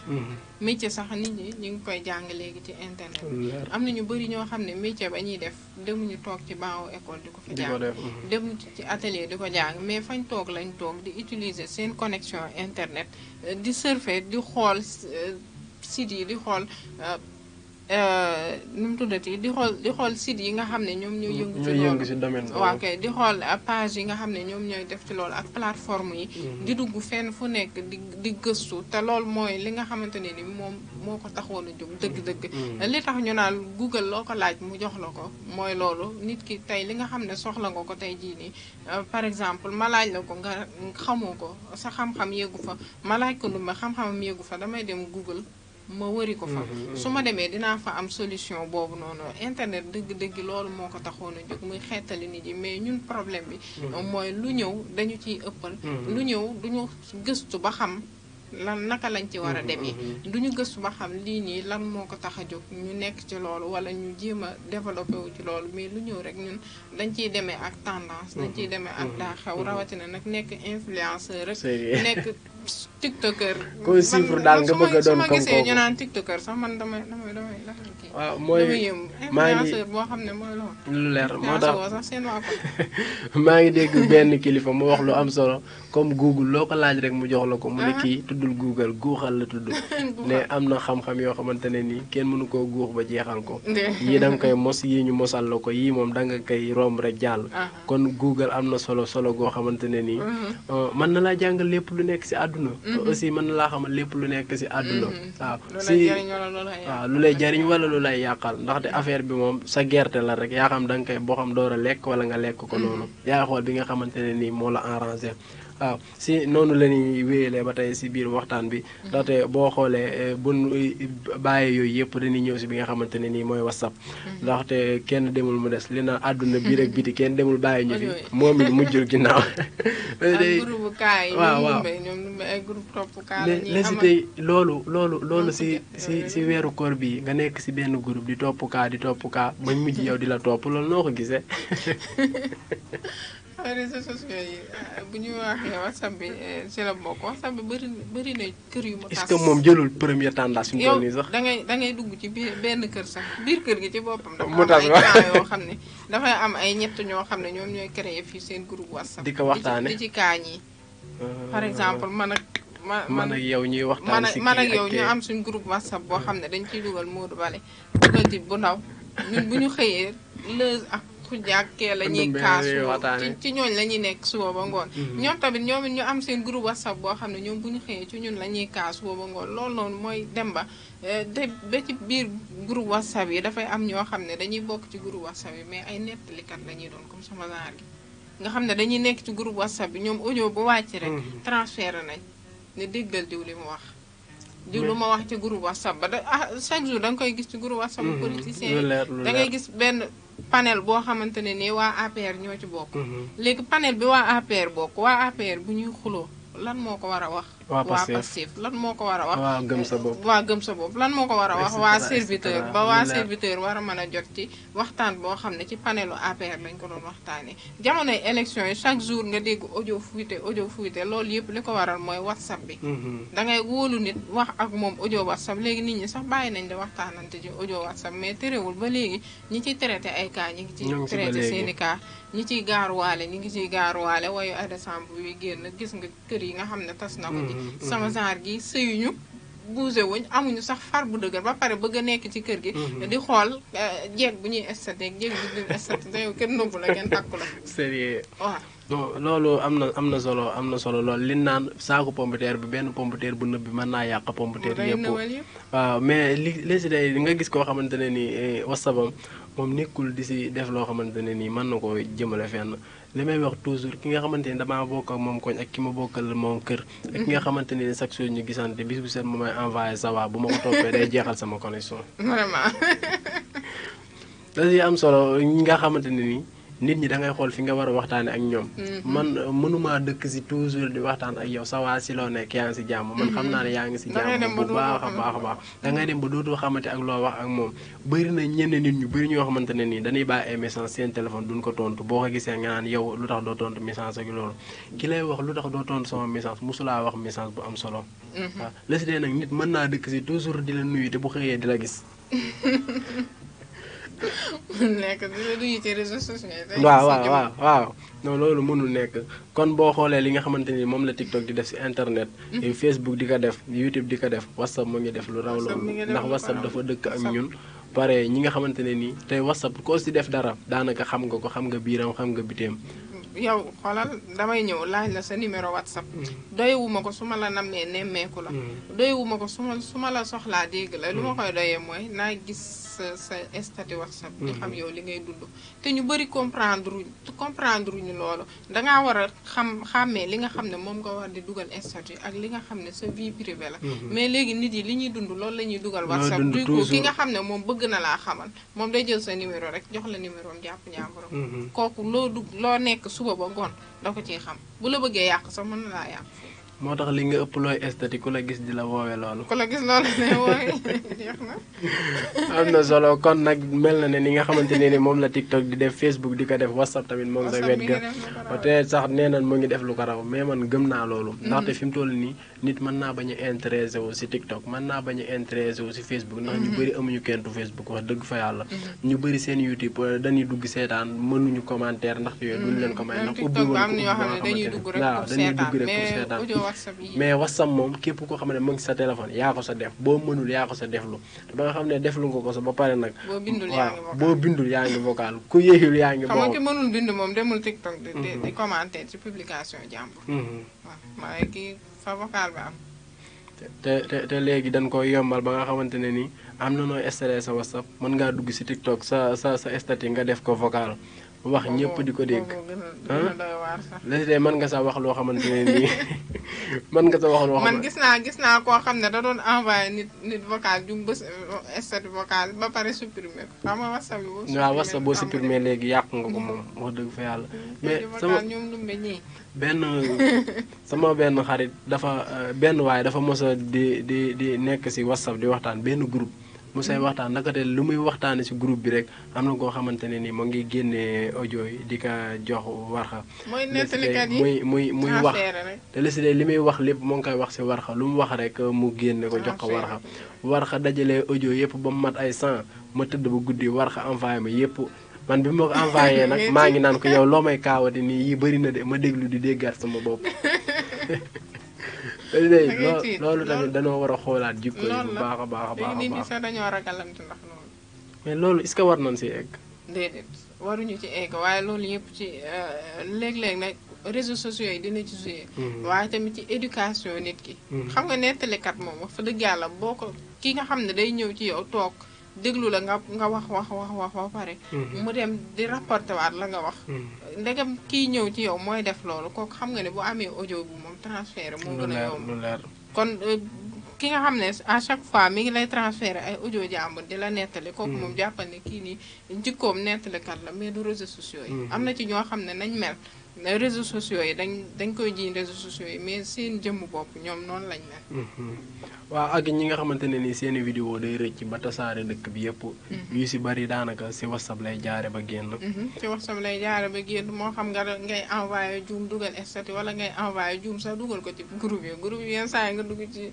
métier sax nit ñi ñu ngi koy jàng léegi ci internet. am na ñu bëri ñoo xam ne métier ba ñuy def demuñu toog ci baaw école di ko fa jàng. dem ci atelier di ko jàng mais fañ toog lañ toog di utiliser seen connexion internet euh, di surfer di xool. Euh, site yi di xool euh, euh, nu mu tuddati di xool di xool site yi nga xam ne ñoom ñooy yëngu ci yëngu ci domaine kay di xool euh, page yi nga xam ne ñoom ñooy def ci lool ak plateforme yi mhm. di dugg fenn fu nekk di di gëstu te lool mooy li nga xamante ne ni moom moo ko taxoon a jóg dëgg-dëgg mhm. li tax ñu naan Google loo ko laaj mu jox la ko mooy loolu nit ki tey li nga xam ne soxla nga ko tey jii nii par exemple malaaj laaj la ko nga xamoo ko sa xam-xam yéegu fa ma laaj ko lu ma xam yéegu fa damay dem Google ma wëri ko fa. Mhm. Mhm. su ma demee dinaa fa am solution boobu noonu internet dëgg-dëgg loolu moo ko taxoon a jóg muy xeetali nit ñi mais ñun problème bi. Mhm. mooy lu ñëw dañu ciy ëppal. lu ñëw duñu gëstu ba xam. lan naka lañ ci war a demee duñu gëstu ba xam lii nii lan moo ko tax a jóg ñu nekk ci loolu wala ñu jéem a développé wu ci loolu mais lu ñëw rek ñun dañ ciy demee ak tendance dañ ciy demee ak daa xew rawatina nag nekk influenceur rek nekk tiktokeur. koo suivre daal nga bëgg a doon comme kooku naan tiktokeur sax man damay damay damay ah, damay waaw mooy maa ngi lu leer moo tax maa ngi dégg benn kilifa mu wax lu am solo comme Google loo ko laaj rek mu jox la ko. mu ne ah. kii tuddul Google guuxal la tudd. ne am na xam-xam yoo xamante ne nii kenn mënu koo guux ba jeexal ko. yii da koy mos yii ñu mosal la ko yii moom danga koy romb rek jàll. Ah. kon Google am na solo solo goo xamante ne nii. Mm-hmm. Uh, mën na laa jàng lépp lu nekk si àdduna. Mm-hmm. aussi mën na laa xamal lépp lu nekk mm-hmm. si àdduna waaw si lu lay jariñ wala lu lay yàqal ndaxte affaire bi moom sa gerte la rek yaa xam da koy boo xam door a lekk wala nga lekk ko mm-hmm. noonu yaa xool bi nga xamante ne nii moo la arrangé waaw si noonu la ñuy wéyalee ba tey si biir waxtaan bi mm-hmm. ndaxte boo xoolee eh, bu bàyyee yooyu yëpp dañuy ñëw si bi nga xamante ne nii mooy whatsapp mm-hmm. ndaxte kenn demul mu des li na àdduna biir ak biti kenn demul bàyyi ñu fi moom it mujjul ginnaaw waaw waaw la si tey loolu loolu loolu si si si weeru koor bi nga nekk si benn groupe di topp kaa di topp kaa bañ mujj yow di la topp loolu noo ko gisee réseaux sociaux yi euh, bu ñu waxee whatsapp bi euh, ci la bokk whatsapp bi bëri na kër yu mu tas. moom jëlul première tendance suñu tool yi sax. yow da ngay dugg ci biir benn kër sax biir kër gi ci boppam. mu tas dafa am xam ne dafay am ay ñett ñoo xam ne ñoom ñooy créé fii seen groupe whatsapp. di ko waxtaane di ci kaañ yi. Euh, par exemple man ak. ma man ak yow ñuy waxtaan si man ak yow ñu am suñ groupe whatsapp boo xam ne dañ ciy dugal Modou Bale dugal ci bu ndaw ñun bu ñu xëyee lëz waxu jàkkee la ñuy kaas ba ngoon mm-hmm. ñoom tamit ñoom ñu am seen groupe whatsapp boo xam ne ñoom bu ñu xëyee ci ñun la ñuy kaas suba ba ngoon loolu noonu mooy dem ba te eh, ba ci biir groupe whatsapp yi dafay am ñoo xam ne dañuy bokk ci groupe whatsapp yi mais ay nettalikat la ñuy doon comme sama genre gi nga xam ne dañuy nekk ci groupe whatsapp bi ñoom audio bu wàcc rek mm-hmm. transféré nañ ne déggal diw mu wax diw lu ma wax ci groupe whatsapp ba da ah chaque jour da koy gis ci groupe whatsapp bu mm-hmm. politicien yi da ngay gis benn panel boo xamante ne nii waa APR ñoo ci bokk mm-hmm. léegi panel bi waa APR bokk waa APR bu ñuy xuloo lan moo ko war a wax waa Pastef lan moo ko war a wax. waa gëm sa bopp waa gëm sa bopp lan moo ko war a wax. waa serviteur ba waa serviteur war a mën a jot ci waxtaan boo xam ne ci panelu APR lañ ko doon waxtaanee. jamonoy élection yi chaque jour nga dégg audio fuité audio fuité loolu yëpp li ko waral mooy whatsapp bi. Mm-hmm. dangay ngay wóolu nit wax ak moom audio whatsapp léegi nit ñi sax bàyyi nañ de waxtaan waxtaanante ci audio whatsapp mais terewul ba léegi ñi ci traité ay cas ñi ngi ci traité seen i cas ñi ciy gaaruwaale ñi ngi ciy gaaruwaale wayu ay décembre bi génn gis nga kër yi nga xam ne tas na bi mm-hmm. sama genre gi sëyuñu bougé wuñ amuñu sax far bu dëgër ba pare bëgg a nekk ci kër gi mm-hmm. di xool eh, jeeg bu ñuy estaté ak jeeg bu ñuy estaté te yow loolu am na am na solo am na solo lool li naan saako pompiteer bi benn pompiteer bu nëb bi mën naa yàq pompiteer yëpp waaw mais li li si day nga gis koo xamante ne nii eh, wasabam moom nekkul di si def loo xamante ne nii mën na ko jëmale fenn li may wax toujours ki nga xamante ni damaa bokk ak moom koñ ak ki ma bokkal moom kër. ak ki nga mhm. xamante ni chaque jour ñu gisante bis bu set mu may envoyé sawa bu ma ko toppee day jeexal sama connexion. vraiment. da ciy am solo ñi nga xamante ne nii. nit ñi da ngay xool fi nga war a waxtaane ak ñoom mm-hmm. man euh, mënumaa dëkk si toujours di waxtaan ak yow sa waa si loo nekk yaa ngi si jàmm man xam naa ne yaa ngi si mm-hmm. jàmm bu baax a baax a baax da ngay dem ba dootoo xamante ak loo wax ak moom bëri na ñenn nit ñu bëri ñoo xamante ne nii dañuy bàyyi ay message seen téléphone duñ ko tontu boo ko gisee nga naan yow lu tax doo tontu message ak loolu ki lay wax lu tax doo tontu sama message mosulaa wax message bu am solo mm-hmm. waaw la si dee nag nit mën naa dëkk si toujours di la nuyu te bu nekk ci réseaux sociaux waaw waaw waaw waaw non loolu mënul nekk kon boo xoolee li nga xamante ni moom la TikTok di def si internet. Mm-hmm. Facebook di ko def YouTube di ko def WhatsApp mu ngi def lu raw loolu ndax WhatsApp dafa dëkk ak ñun. pare ñi nga xamante ne ni tey WhatsApp koo si def dara daanaka xam nga ko xam nga biiram xam nga biteem. yow xoolal damay ñëw laaj la sa numéro WhatsApp. Mm-hmm. doyewuma ko su ma la nammee nemmeeku la. Mm-hmm. doyewuma ko su ma la soxlaa dégg la. lu ma koy doyee mooy sa sa statut WhatsApp. Mhm. di xam yow li ngay dund. te ñu bëri comprendre comprendre ñu loolu dangaa war a xam xàmmee li nga xam ne moom nga war di dugal statut ak li nga xam ne sa vie privée la. Mhm. mais léegi nit yi li ñuy dund loolu la ñuy dugal. WhatsApp du ko ki nga xam ne moom bëgg na laa xamal moom day jël sa numéro rek jox la numéro am jàpp ñaamborom. Mhm. kooku loo dugg loo nekk suba ba ngoon da ko ci xam bu la bëggee yàq sax mën na laa yàq. moo tax li nga ëpp looy esthétique ku la gis di la woowe loolu. ku la gis loolu lay woowe jeex am na solo kon nag mel na ne ni nga xamante ne ni moom la TikTok di def Facebook di ko def WhatsApp tamit moom sa wet ga te sax nee na mu ngi def lu ko raw mais man gëm naa loolu. Mm-hmm. ndaxte fi mu toll nii. nit mën naa bañ a intéressé wu si TikTok mën naa bañ a intéressé wu si Facebook ndax ñu mhm. bëri amuñu kenn du Facebook wax dëgg fa yàlla mhm. ñu bëri seen YouTube euh, dañuy dugg seetaan mënuñu commentaire ndax yooyu duñu leen mhm. ko may ndax ubbi woon waaw dañuy dugg rek pour seetaan mais WhatsApp moom képp koo xam ne mu sa téléphone yaa ko sa def boo mënul yaa ko sa deflu te ba nga xam ne deflu nga ko sa ba pare nag boo bindul yaa ngi vocal ku yéexul yaa ngi vocal sa vocal ba am. te te te léegi dañ ko yombal ba nga xamante ne ni am na nooy installé sa whatsapp mën ngaa dugg si tiktok sa sa sa statut nga def ko vocal wax ñëpp di ko dégg. Ah? léegi mën nga sa wax loo xamante ne nii mën nga sa wax loo. man gis naa gis naa koo xam ne da doon envoyé nit nit vocal ju bës statut vocal ba pare supprimer ko xam nga whatsapp yi. boo supprimer léegi yàqu nga ko moom wax dëgg fa yàlla. mais sama ñoom benn sama benn xarit dafa euh, benn waaye dafa mos a di di di nekk si whatsapp di waxtaan benn groupe mosay waxtaan naka te lu muy waxtaanee si groupe bi rek am na koo xamante ne ni mu ngi génnee audio yi di ko jox warxa. mooy muy muy muy wax te li si wax lépp mu ngi koy wax si warxa lu mu wax rek mu génne ko jox ko warxa. warxa dajalee audio yëpp ba mu mat ay 100 ma tëdd ba guddi warxa envoyé ma yëpp. man bi moo ko envoyé nag maa ngi naan ko yow loo may kaawati nii yi bëri na de ma déglu di déggaat sama bopp. loolu loolu tamit dañoo war a xoolaat jikko yi baax a baax a nit ñi sax dañoo ragalante ndax loolu. mais loolu est-ce war nañ si egg. déedéet waruñu ci egg waaye loolu yëpp ci euh, léeg-léeg nag réseaux sociaux yi dina ci jouer. Mhm. waaye tamit ci éducation nit ki. Mhm. xam nga nettalikat moom wax fa dëgg yàlla boo ko ki nga xam ne day ñëw ci yow toog. déglu la nga nga wax wax wax wax ba pare. Mhm. mu dem di rapporter waat la nga wax. Mhm. ndegem kiy ñëw ci yow mooy def loolu kook xam nga ne bu amee audio bu moom transfert moo gën a yomb kon euh, ki nga xam ne à chaque fois mi ngi lay transféré ay audio jàmbur di la nettali. Mhm. kooku moom jàppal ne kii nii njikkoom nettalikat la mais du réseaux sociaux yi. am na ci ñoo xam ne nañ mel. réseau sociaux yi dañ dañ koy jiiñ réseaux sociaux yi mais seen jëmm bopp ñoom noonu lañ mel. Mhm. waaw ak ñi nga xamante ne ni seen i vidéo day rëcc ba tasaare dëkk bi yëpp. Mhm. yu si bari daanaka si whatsapp lay jaare ba génn. Mhm. si whatsapp lay ba génn moo xam nga ngay envoyé juum dugal statut wala ngay envoyé juum sax dugal ko ci groupe yi groupe yi nga dugg ci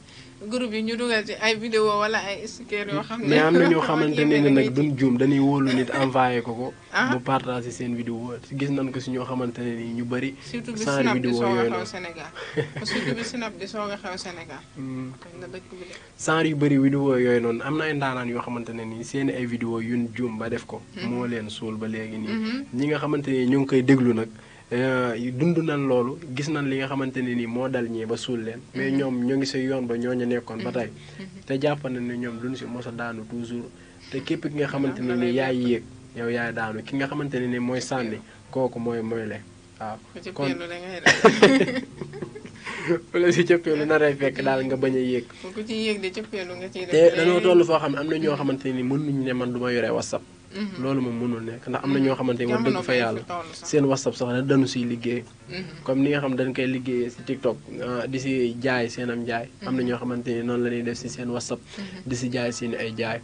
groupe yi ñu dugal ci ay vidéo wala ay sticker yoo xam ne. mais am na ñoo xamante ne ni nag duñ juum dañuy wóolu nit envoyé ko ko. Ah. mu partagé seen vidéo gis si ñoo xamante nii ñu bëri. sans vidéo yooyu la surtout bi Snap di a xew Sénégal. Mm. sans yu bëri vidéo yooyu noonu am na ay ndaanaan yoo xamante ne nii seen ay vidéo yuñ juum ba def ko. Mm-hmm. moo leen suul ba léegi nii. Mm-hmm. ñi nga xamante ne ñu ngi koy déglu nag. Euh, dund nañ loolu gis nañ li nga xamante ne nii moo dal ñii ba suul leen. Mm-hmm. mais ñoom ñoo ngi sa yoon ba ñoo ñu nekkoon ba tey. te jàpp nañ ne ñoom duñ si mos a daanu toujours te képp ki nga ah, xamante ne nii yaay yéeg yow yaay daanu ki nga xamante nii mooy sànni kooku mooy moyle. waaw kon ku la si cëppeelu nar a fekk daal nga bañ a yéeg. ku ci yéeg de cëppeelu te dañoo toll foo xam ne am na ñoo xamante ni mënuñu ne man du ma yore whatsapp. Mhm. loolu moom mënul nekk ndax am na ñoo xamante ni wax dëgg fa yàlla seen whatsapp sax na dañu siy liggéey mhm. comme ni nga xam ne dañ koy liggéeyee si tiktok ah, di si jaay seen am jaay am na ñoo mhm. xamante ni noonu la ñuy def si seen whatsapp di si jaay seen ay jaay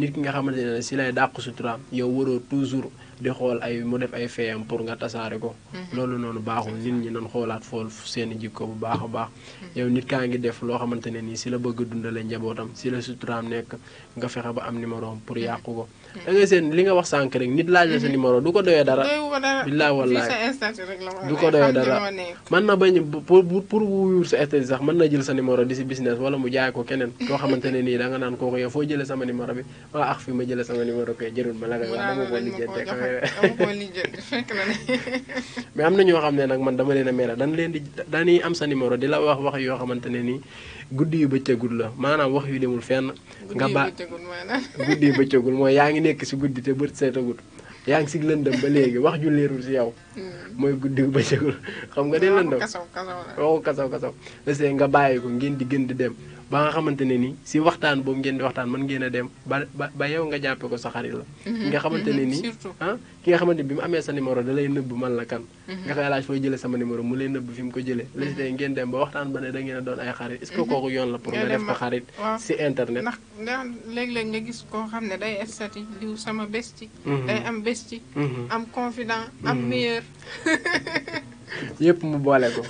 nit ki nga xamante ne si lay dàq suturaam yow waroo toujours di xool ay mu def ay feeyam pour nga tasaare ko. Mhm. loolu noonu baaxul nit ñi nan xoolaat fool seen jikko bu baax a baax. Mhm. yow nit kaa ngi def loo xamante ne nii si la bëgg dundale njabootam si la suturaam nekk nga fexe ba am numéro am pour mhm. yàqu ko. da seen li nga wax sànq rek nit laaj la sa mhm. numéro du ko doyee dara. billaahi wallaahi du ko doyee dara man na bañ pour pour wuyur sa statut sax man na jël sa numéro di si business wala mu jaay ko keneen koo xamante ne nii da nga naan kooku yow foo jëlee sama numéro bi waa ah, ax ah, fi ma jëlee sama numéro kay jërul ma la koy wax dama ko lijjanti fekk na mais am na ñoo xam ne nag man dama leen a mere dañ leen di dañuy am sa numéro di la wax wax yoo xamante ne nii guddi yu bëccëgul la maanaam wax yu demul fenn. nga ba guddi yu bëccëgul mooy yaa ngi nekk si guddi te bët seetagul yaa ngi si lëndëm ba léegi wax ju leerul si yow. Hmm. mooy guddi yu bëccëgul xam nga de lëndëm waxu kasaw kasaw waxu kasaw nga bàyyi ko ngeen di gën di dem ba nga xamante ne ni si waxtaan boobu ngeen di waxtaan man ngeen a dem ba ba yow nga jàppe ko sa xarit la mhm. ki nga xamante ne mhm. ni ah ki nga xamante ne bi mu amee sa numéro da lay nëbb man la kan mhm. nga koy laaj fooy jële sama numéro mu lay nëbb fi mu ko jëlee léegi tey ngeen dem ba waxtaan ba ne da a doon ay xarit est-ce kooku yoon la pour nga def ko xarit si internet ndax ndax léeg-léeg nga gis koo xam ne day estati diw sama besti day am besti am confident am meilleur yëpp mu boole ko.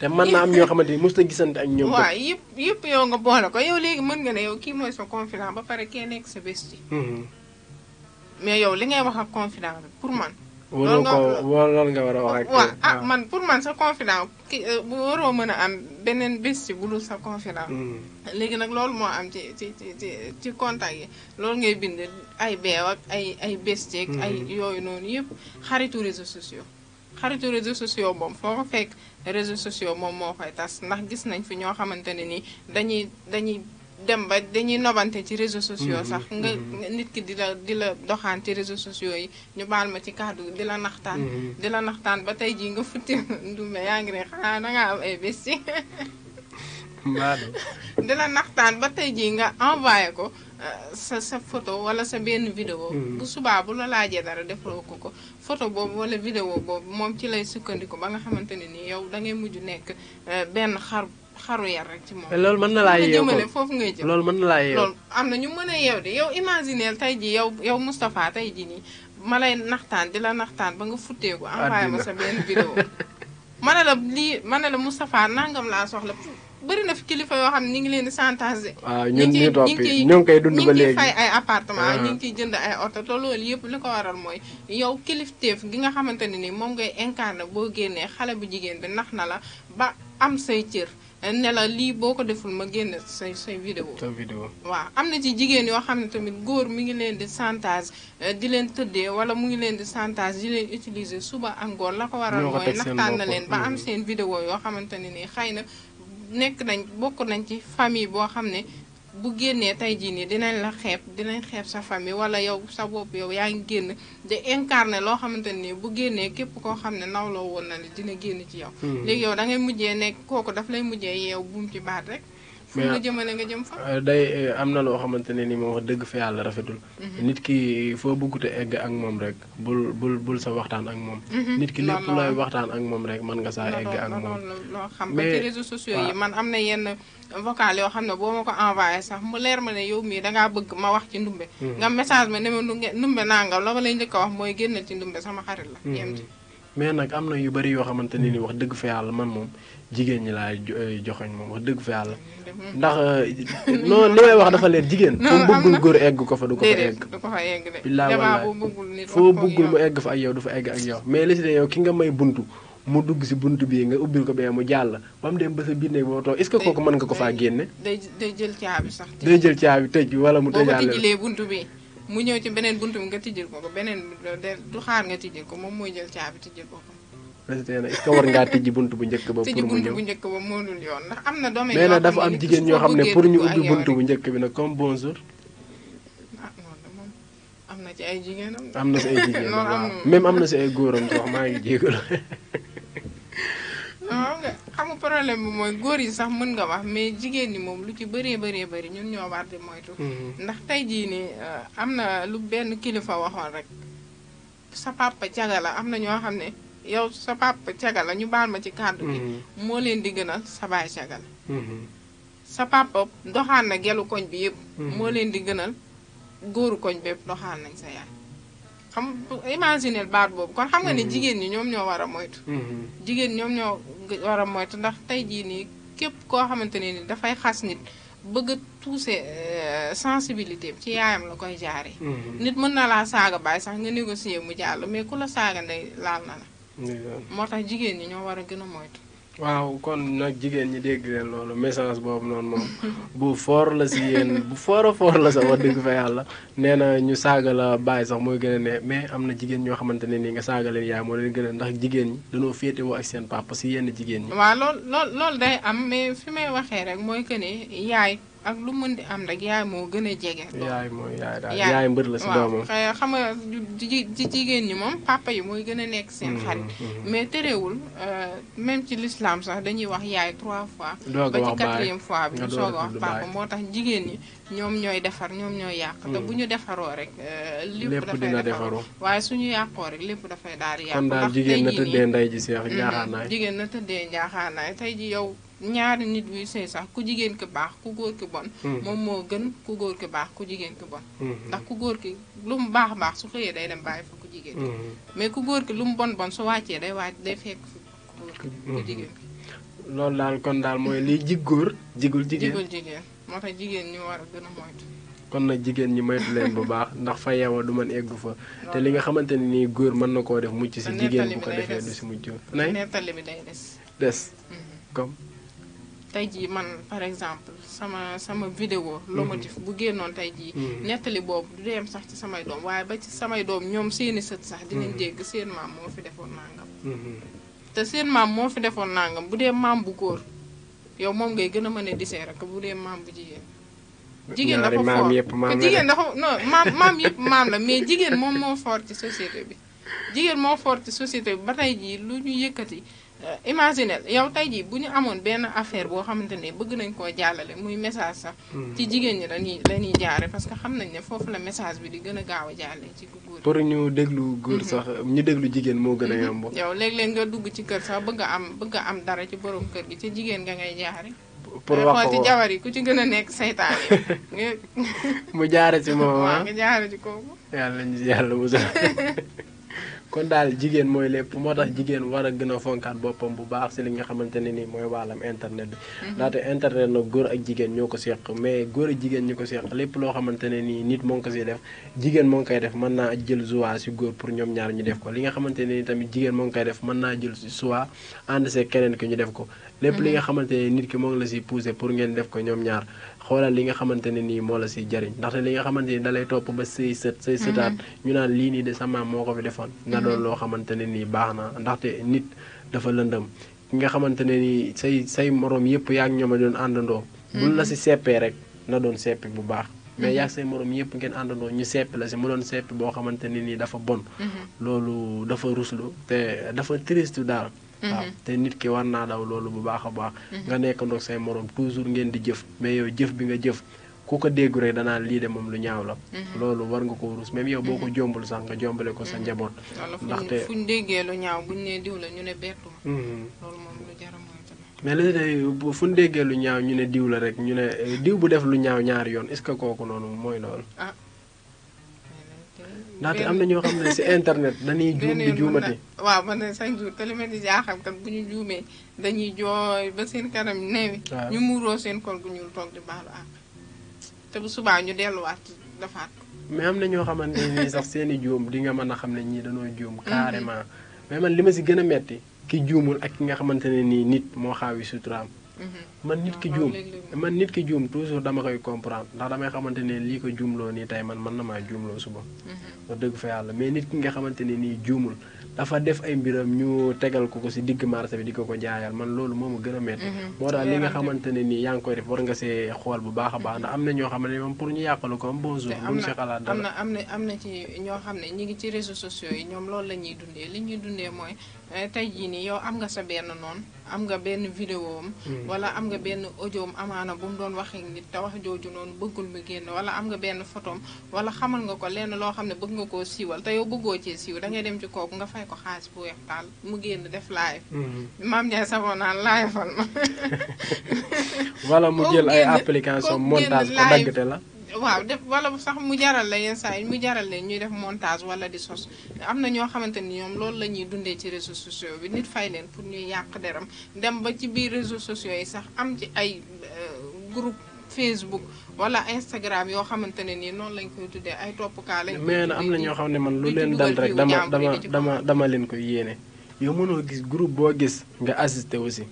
te man mën naa am ñoo xamante ni mosut a gisante ak ñoom. waaw yëpp yëpp yow nga boole ko yow léegi mën nga ne yow kii mooy sa confident ba pare kee nekk sa bestie. Mm-hmm. mais yow li ngay wax ak confident pour man. loolu nga war a wax ah, ah. man pour man sa confident ki euh, bu waroo mën a am beneen bestie bu dul sa confident. Mm-hmm. léegi nag loolu moo am ci ci ci ci contact yi loolu ngay bind ay beew ak ay ay bestie mm-hmm. ay yooyu noonu yëpp xaritu réseaux sociaux. xaritu réseaux sociaux moom foo ko fekk réseaux sociaux moom moo koy tas ndax gis nañ fi ñoo xamante ne ni dañuy dañuy dem ba dañuy nobante ci réseaux sociaux mm-hmm. sax mm-hmm. nga nit ki di la di la doxaan ci réseaux sociaux yi ñu baal ma ci kàddu di la naxtaan mm-hmm. di la naxtaan ba tey jii nga futti ndume yaa ngi ne xanaa dangaa am ay ci di la naxtaan ba tey jii nga envoyé ko sa sa photo wala sa benn video hmm. bu subaa bu la laajee dara defloo ko ko photo boobu wala vidéo boobu moom ci lay sukkandiku ba nga xamante ne nii yow da ngay mujj nekk eh, benn xar xaru yar rek ci moom. Eh, loolu mën na laa yeew ko foofu ngay jëm loolu mën na laa yeew am na ñu mën a yeew de yow imaginer tey jii yow yow Moustapha tey jii nii ma lay naxtaan di la naxtaan ba nga futteeku envoyé ma sa benn vidéo ma ne la lii nangam laa soxla bëri na fi kilifa yoo xam ne ñu ngi leen di chantage. waaw ah, ñun ñu topp ñu ngi koy dund ba léegi ñu ay appartement ah. ñu ngi ciy jënd ay oto yëpp li ko waral mooy yow kilifteef gi nga xamante ne ni moom ngay incarné boo génnee xale bu jigéen bi nax na la ba am say cër. ne lii boo ko deful ma génn say say vidéo sa vidéo waaw am na ci jigéen yoo xam ne tamit góor mi ngi leen di chantage eh, di leen tëddee wala mu ngi leen di chantage di leen utiliser suba ak la ko waral mooy naxtaan na leen ba am mm. seen video yoo xamante ne nii xëy na nekk nañ bokk nañ ci famille boo xam ne bu génnee tey jii nii dinañ la xeeb dinañ xeeb sa famille wala yow sa bopp yow yaa ngi génn de incarné loo xamante ni bu génnee képp koo xam ne nawloo woon na la dina génn ci yow. Hmm. léegi yow da mujjee nekk kooku daf lay mujjee yeew buum ci baat rek. mais mu la jëmale nga jëm fa. Euh, day euh, am na loo xamante ne ni moom wax dëgg fa rafetul. Mhm. nit ki foo bëggut a egg ak moom rek bul bul bul sa waxtaan ak moom. Mhm. nit ki lépp looy waxtaan ak moom rek mën nga saa egg ak moom. loo xam ba ci man am na yenn vocal yoo xam ne boo ma ko envoyé sax mu leer ma ne yow mii dangaa bëgg ma wax ci ndumbe. Mhm. nga message ma ne ma ndumbe nangam la ma lay njëkk a wax mooy génnal ci ndumbe sama xarit la. mais nag am na yu bari yoo xamante ne ni wax dëgg fa yàlla man moom jigéen ñi laay eh, joxoñ moom wax dëgg fa yàlla mhm. ndax eh, non li may wax dafa leer jigéen foo bëggul góor egg ko fa du ko fa egg billaa wallaay foo bëggul mu egg fa ak yow du fa egg ak yow mais li si de yow ki nga may buntu mu dugg si bunt bii nga ubbil ko bee mu jàll ba mu dem ba sa biir néeg boo toog est-ce ko mën nga ko faa génne day jël caabi sax day jël caabi tëj bi wala mu tëjaale mu ñëw ci beneen bunt bi nga tijjil ko ko beneen du xaar nga tijjil ko moom mooy jël caabi tijjil ko président nag est-ce bunt bu njëkk ba. pour mu ñëw tijji bunt bu njëkk ba moo dul am na domaine yoo am jigéen ñoo xam ne ñu ubbi bunt bu njëkk bi nag comme bonjour. Ah, am na ci ay jigéenam. am na ci ay jigéenam am na ci ay góoram sax maa ngi jégalu. waaw ah, xamu problème bi mooy góor yi sax mën nga wax mais jigéen ñi moom lu ci bëree bëree bëri ñun ñoo war di moytu. Mhm. ndax tey jii nii euh, am na lu benn kilifa waxoon rek sa papa caga la am na ñoo xam ne. yow sa papa caga la ñu baal ma ci kàddu gi mm-hmm. moo leen di gënal sa baay caga mm-hmm. sa papa doxaan na gelu koñ bi yëpp mm-hmm. moo leen di gënal góoru koñ bépp doxaan nañ sa yaay xam imaginer baat boobu kon xam nga ne jigéen ñi ñoom ñoo war a moytu jigéen ñoom ñoo war a moytu ndax tey jii nii képp koo xamante ne ni dafay xas nit bëgg a tuuse euh, sensibilité ci yaayam la koy jaaree. nit mën naa laa saaga baay sax nga négocier mu jàll mais ku la saaga ndey laal na la moo tax jigéen ñi ñoo war a gën a moytu. waaw kon nag jigéen ñi dégg leen loolu message boobu noonu moom bu foor la si yéen bu foor foor la sax wax dëgg fa yàlla nee na ñu saaga la bàyyi sax mooy gën a ne mais am na jigéen ñoo xamante ne nii nga saaga leen yaay moo leen gën a ndax jigéen ñi dañoo féetewoo ak seen papa si yenn jigéen ñi. waaw lool lool day am mais fi may waxee rek mooy que ne yaay. ak lu mën di am rek yaay moo gën a jege. yaay mooy yaay daal yaay mbër la si doomam waaw xam nga ci jigéen ñi moom papa yi mooy gën a nekk seen mm-hmm, xarit. Mm-hmm. mais terewul euh, même ci lislaam sax dañuy wax yaay trois fois. ba ci fois bi soog moo tax jigéen ñi ñoom ñooy defar ñoom ñooy yàq. te mm-hmm. bu ñu defaroo rek. Euh, lépp dafay defaru waaye suñu yàqoo rek lépp dafay daal di yàqu. ndax tey jii kon daal jigéen na tëddee nday ji seex jaaxaanaay. jigéen na tëddee jaaxaanaay tey ji yow. ñaari nit buy sëy sax ku jigéen ki baax ku góor ki bon hmm. moom moo gën ku góor ki baax ku jigéen ki bon hmm. ndax ku góor ki lu mu baax baax su xëyee day dem bàyyi fa ku jigéen ki hmm. mais ku góor ki lu mu bon bon su wàccee day wàcc day jigéen loolu daal kon daal mooy liy jig góor jigul jigéen jigul jigéen moo jigéen ñu war a gën a moytu kon nag jigéen ñi moytu leen bu baax ndax fa yeewa du mën eggu fa te li nga xamante ne nii góor mën na koo def mucc si jigéen bu ko defee du si mucc nay nettali bi day des des mhm. comme tey jii man par exemple sama sama vidéo mhm. lomotif bu génnoon tey jii mhm. nettali boobu du dem sax ci samay doom waaye ba ci samay doom ñoom seeni sët sax mhm. dinañ dégg seen maam moo fi defoon nangam te seen maam moo fi defoon nangam bu dee maam bu góor yow moom ngay gën a mën a diseer bu dee maam bu jigéen jigéen dafa foor que jigéen dafa non maam yëpp maam la mais jigéen moom moo foor ci société bi jigéen moo foor ci société bi ba tey ji lu ñu yëkkati Euh, imaginel yow tey jii bu ñu amoon benn affaire boo xamante ne bëgg nañ koo jàllale muy message sax. Hmm. ci jigéen ñi lañuy lañuy jaare parce que xam nañ ne foofu la message bi di gën a gaaw a jàllee ci góor pour ñu déglu góor hmm. sax ñu déglu jigéen moo gën a hmm. yomb. yow léeg-léeg nga dugg ci kër sax bëgg a am bëgg a am dara ci borom kër gi ci jigéen nga ngay jaare pour eh, wax ci jabar yi ku ci gën a nekk seytaan mu jaare ci moom ah. nga jaare ci kooku. yàlla ñu yàlla musal. kon daal jigéen mooy lépp moo tax jigéen war a gën a fonkaat boppam bu baax si li nga xamante ne nii mooy wàllam internet bi mhm. ndaxte internet na góor ak jigéen ñoo ko seq mais góor ak jigéen ñi ko seq lépp loo xamante ne nii nit moo ngi ko siy def jigéen moo ngi koy def mën naa jël joie si góor pour ñoom ñaar ñu def ko li nga xamante ne tamit jigéen moo ngi koy def mën naa jël joie ànd see keneen ki ñu def ko lépp li nga mhm. xamante ne nit ki moo ngi la si poussé pour ngeen def ko ñoom ñaar xoolal li nga xamante ne nii moo la si jariñ ndaxte li nga xamante ni da lay topp ba say sët say sëtaat mhm. ñu naan lii nii de sama moo ko fi defoon na doon mhm. loo xamante ne nii baax na ndaxte nit dafa lëndëm ki nga xamante ne nii say say moroom yëpp yaa ngi ñoom doon àndandoo bul la mhm. si seppee rek na doon seppi bu baax mais yaag say moroom yëpp ngeen àndandoo ñu seppi la si mu doon seppi boo xamante ne nii dafa bon loolu dafa ruslu te dafa triste daal waaw mm-hmm. te nit ki war naa daw loolu bu baax a baax mm-hmm. nga nekkandoog say moroom toujours ngeen di jëf mais yow jëf bi nga jëf ku ko dégg rek danaan lii de moom lu ñaaw la mm-hmm. loolu war nga ko rus même yow boo ko jombul sax nga jombale ko sa njaboot ndaxte fuñ déggee lu ñaaw buñ ne diw la ñu ne bettu loolu fu ñu déggee lu ñaaw ñu ne diw la rek ñu ne eh, diw bu def lu ñaaw ñaari yoon est-ce que kooku noonu mooy loolu ah, ndaxte am na ñoo xam ne si internet dañuy juum di juumati waaw man na chaque jour te li ma bu ñu juumee dañuy jooy ba seen kanam neewi ñu muuroo seen kol gu ñuul toog di baalu àq te bu subaa ñu delluwaat defaat ko mais am na ñoo xamante nii sax seen i juum di nga mën a xam ne ñii dañoo juum mhm. carrément mais man li ma si gën a metti ki juumul ak ki nga xamante ne nii nit moo xaawi suturaam man nit ki ah, juum man nit ki juum toujours dama koy comprendre ndax damay xamante ne lii ko juumloo nii tey man man na maa juumloo suba. Mhm. wax dëgg fa yàlla mais nit ki nga xamante ne nii juumul dafa def ay mbiram ñu tegal ko ko si digg marché bi di ko ko jaayal man loolu moom ma gën a metti mhm. moo tax li nga xamante ne nii yaa ngi koy def war nga see xool bu baax a baax ndax am na ñoo xam ne moom pour ñu yàqalu ko am bonjour buñ na am na am na ci ñoo xam ne ñu ngi ci réseaux sociaux yi ñoom loolu la dundee li ñuy dundee mooy eh, tey jii nii yow am nga sa benn noonu am nga benn videom am. Hmm. wala am nga benn audio am amaana bu mu doon waxee nit te wax jooju noonu bëggul mu génn wala am nga benn photo am wala xamal nga ko lenn loo xam ne bëgg nga koo siiwal te yow bëggoo ci siiw da ngay dem ci kooku nga fay ko xaalis bu weex taal mu génn def live. Hmm. maam Ndiaye Savon naan live-al ma. wala mu jël ay application montage ko daggate la. waaw def wala sax mu jaral la yenn saa yi mu jaral leen ñuy def montage wala di sos am na ñoo xamante ni ñoom loolu la ñuy dundee ci réseau sociaux bi nit fay leen pour ñuy yàq deram dem ba ci biir réseau sociaux yi sax am ci ay euh, groupe Facebook wala Instagram yoo xamante ne nii noonu lañ koy tuddee ay toppukaa lañ. mais am na ñoo xam ne man lu leen dal rek dama dama dama dama leen koy yéene. yow mënoo gis groupe boo gis nga assisté aussi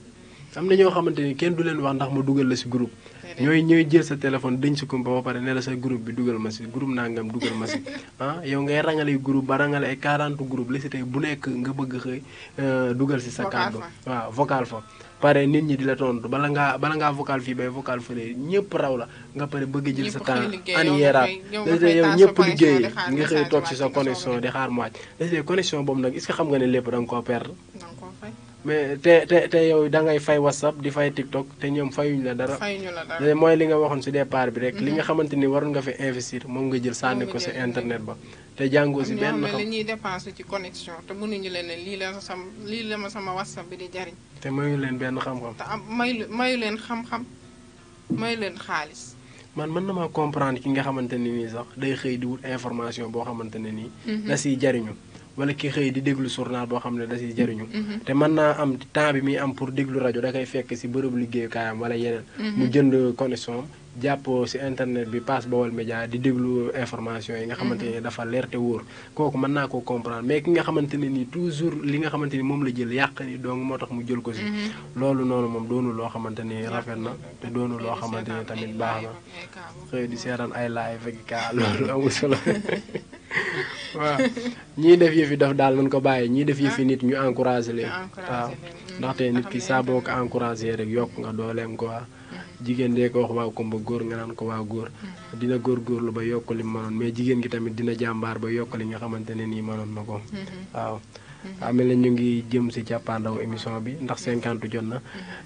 am na ñoo xamante ni kenn du leen wax ndax ma dugal la si groupe. ñooy ñooy jël sa téléphone dañ si kumpa ba pare ne la sa group bi dugal ma si groupe nangam dugal ma si ah, yow ngay rangale group ba rangale ay quarante group li si tey bu nekk nga bëgg xëy euh, dugal si sa kàddu waaw vocal fa pare nit ñi di la tontu bala ngaa bala ngaa vocal fii bay vocal fële ñëpp raw la nga pare bëgg jël sa temps an yeeraat léegi yow ñëpp liggéey nga xëy toog si sa connexion di xaar mu wàcc léegi connexion boobu nag est xam nga ne lépp da nga koo mais te te te yow da ngay fay whatsapp di fay tiktok te ñoom fayuñ la dara. fayuñ la dara mooy li nga waxoon si départ bi rek. li nga mhm. xamante ni waroon nga fi investir moom nga jël sànni ko si internet ba. te jàngoo si benn xam ñuy dépensé ci connexion te mënuñu leen ne lii la sama lii la ma sama whatsapp bi di jariñ. te mayu leen benn xam-xam. te am mayu mayu leen xam-xam mayu leen xaalis. man mën na ma comprendre ki nga xamante ne nii sax day xëy di wut information boo xamante ne nii. Mhm. da siy jariñu. wala ki xëy di déglu journal boo xam ne da jariñu mm-hmm. te mën naa am temps bi muy am pour déglu rajo da koy fekk ci bërëbu liggéeyukaayam wala yeneen mm-hmm. mu jënd connexion jàppoo si internet bi passe Baol Média di déglu information yi nga xamante ne mhm. dafa leer te wóor kooku mën naa ko comprendre mais ki nga xamante ne nii toujours li nga xamante ni moom la jël yàq ni donc moo tax mu jël ko si mhm. loolu noonu moom doonu loo xamante ni rafet na te doonu loo xamante ni tamit baax na xëy di seetaan ay live ak kaa loolu amul solo waaw ñii def yëfi daf daal nañ ko bàyyi ñii def yëfi ah. nit ñu encouragé leen waaw mm. ndaxte nit ki saa ko encouragé rek yokk nga dooleem quoi jigéen dee ko wax waaw kumba góor nga naan ko waaw góor mm-hmm. dina góorgóorlu ba yokk li mu mais jigéen gi tamit dina jàmbaar ba yokk nga xamante ne nii mënoon na ko mm-hmm. waaw amee ah, na ñu ngi jëm ci càppaandaw émission bi ndax cinquante jot na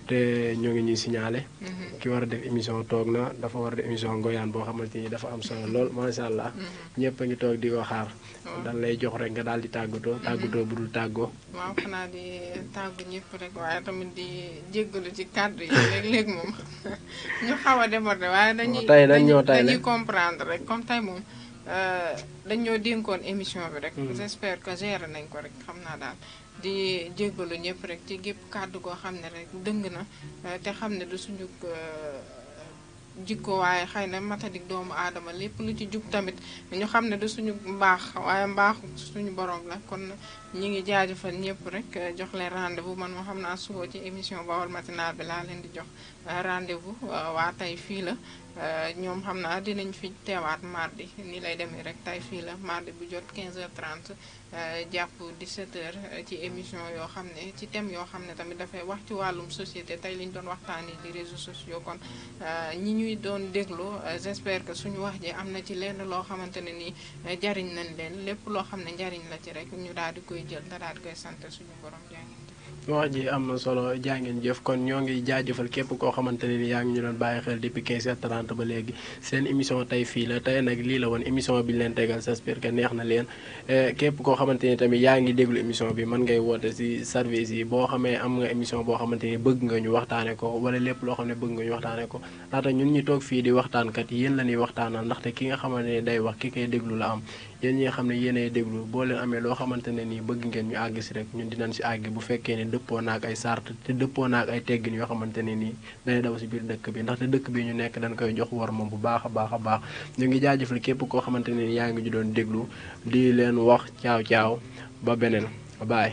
te ñoo ngi ñuy siñaale mhm. ki war a def émission toog na dafa war a def émission ngoyaan boo xamante ni dafa am solo lool macha allah mhm. ñëpp a ngi toog di ko xaar dan lay jox rek nga daal di tàggatoo tàggatoo bu dul tàggoo waaw xanaa di tàggu ñëpp rek waaye tamit di jéggalu ci kàddu yi léeg-léeg moom ñu xaw a déborder waaye dañuy dañuy comprendre rek comme tey moom Euh, dañ ñoo dénkoon émission bi rek. Hmm. j'espère que gérer nañ ko rek xam naa daal. di jéggalu ñëpp rek ci gépp kàddu goo xam ne rek dëng na euh, te xam ne du suñu. Euh, jikko waaye xëy na matadik doomu aadama lépp lu ci jub tamit ñu xam ne du suñu mbaax waaye mbaaxu suñu borom la kon ñi ngi jaajëfal ñëpp rek jox leen rendez-vous man xam naa suba ci émission Baol matinal bi laa leen di jox euh, rendez-vous euh, waa tey fii la euh, ñoom xam naa dinañ fi teewaat mardi ni lay demee rek tey fii la mardi bu jot quinze h 30 Euh, jàpp 17h euh, ci émission yoo xam ne ci thème yoo xam ne tamit dafay wax ci wàllum société tey li ñu doon waxtaanee di réseaux sociaux kon euh, ñi ñuy doon déglu j'espère que suñu wax ji am na ci lenn loo xamante ne ni jariñ nañ leen lépp loo xam ne njariñ la ci rek ñu daal di koy jël te daal di koy sant suñu borom jàngi. wax ji am na solo jaa ngeen jëf kon ñoo ngi jaajëfal képp koo xamante ne ni yaa ngi ñu doon bàyyi xel depuis 15h30 ba léegi seen émission tey fii la tey nag lii la woon émission bi ñu leen tegal j'espère que na leen eh, képp koo xamante ni tamit yaa ngi déglu émission bi mën ngay woote si service yi boo xamee am nga émission boo xamante ni bëgg nga ñu waxtaane ko wala lépp loo xam ne bëgg nga ñu waxtaane ko laata ñun ñi toog fii di waxtaankat yéen la ñuy waxtaanal ndaxte ki nga xamante ne day wax ki koy déglu la am yéen ñi nga xam ne yéenay déglu boo amee loo xamante ne nii bëgg ngeen ñu àgg si rek ñun dinañ si àgg bu fekkee ne dëppoo ay sart te dëppoo ay teggin yoo xamante ne nii dañuy daw si biir dëkk bi ndaxte dëkk bi ñu nekk dañ koy jox war moom bu baax a baax a baax ñu ngi jaajëfal képp koo xamante ne nii yaa ngi ju doon déglu di leen wax caaw caaw ba beneen baay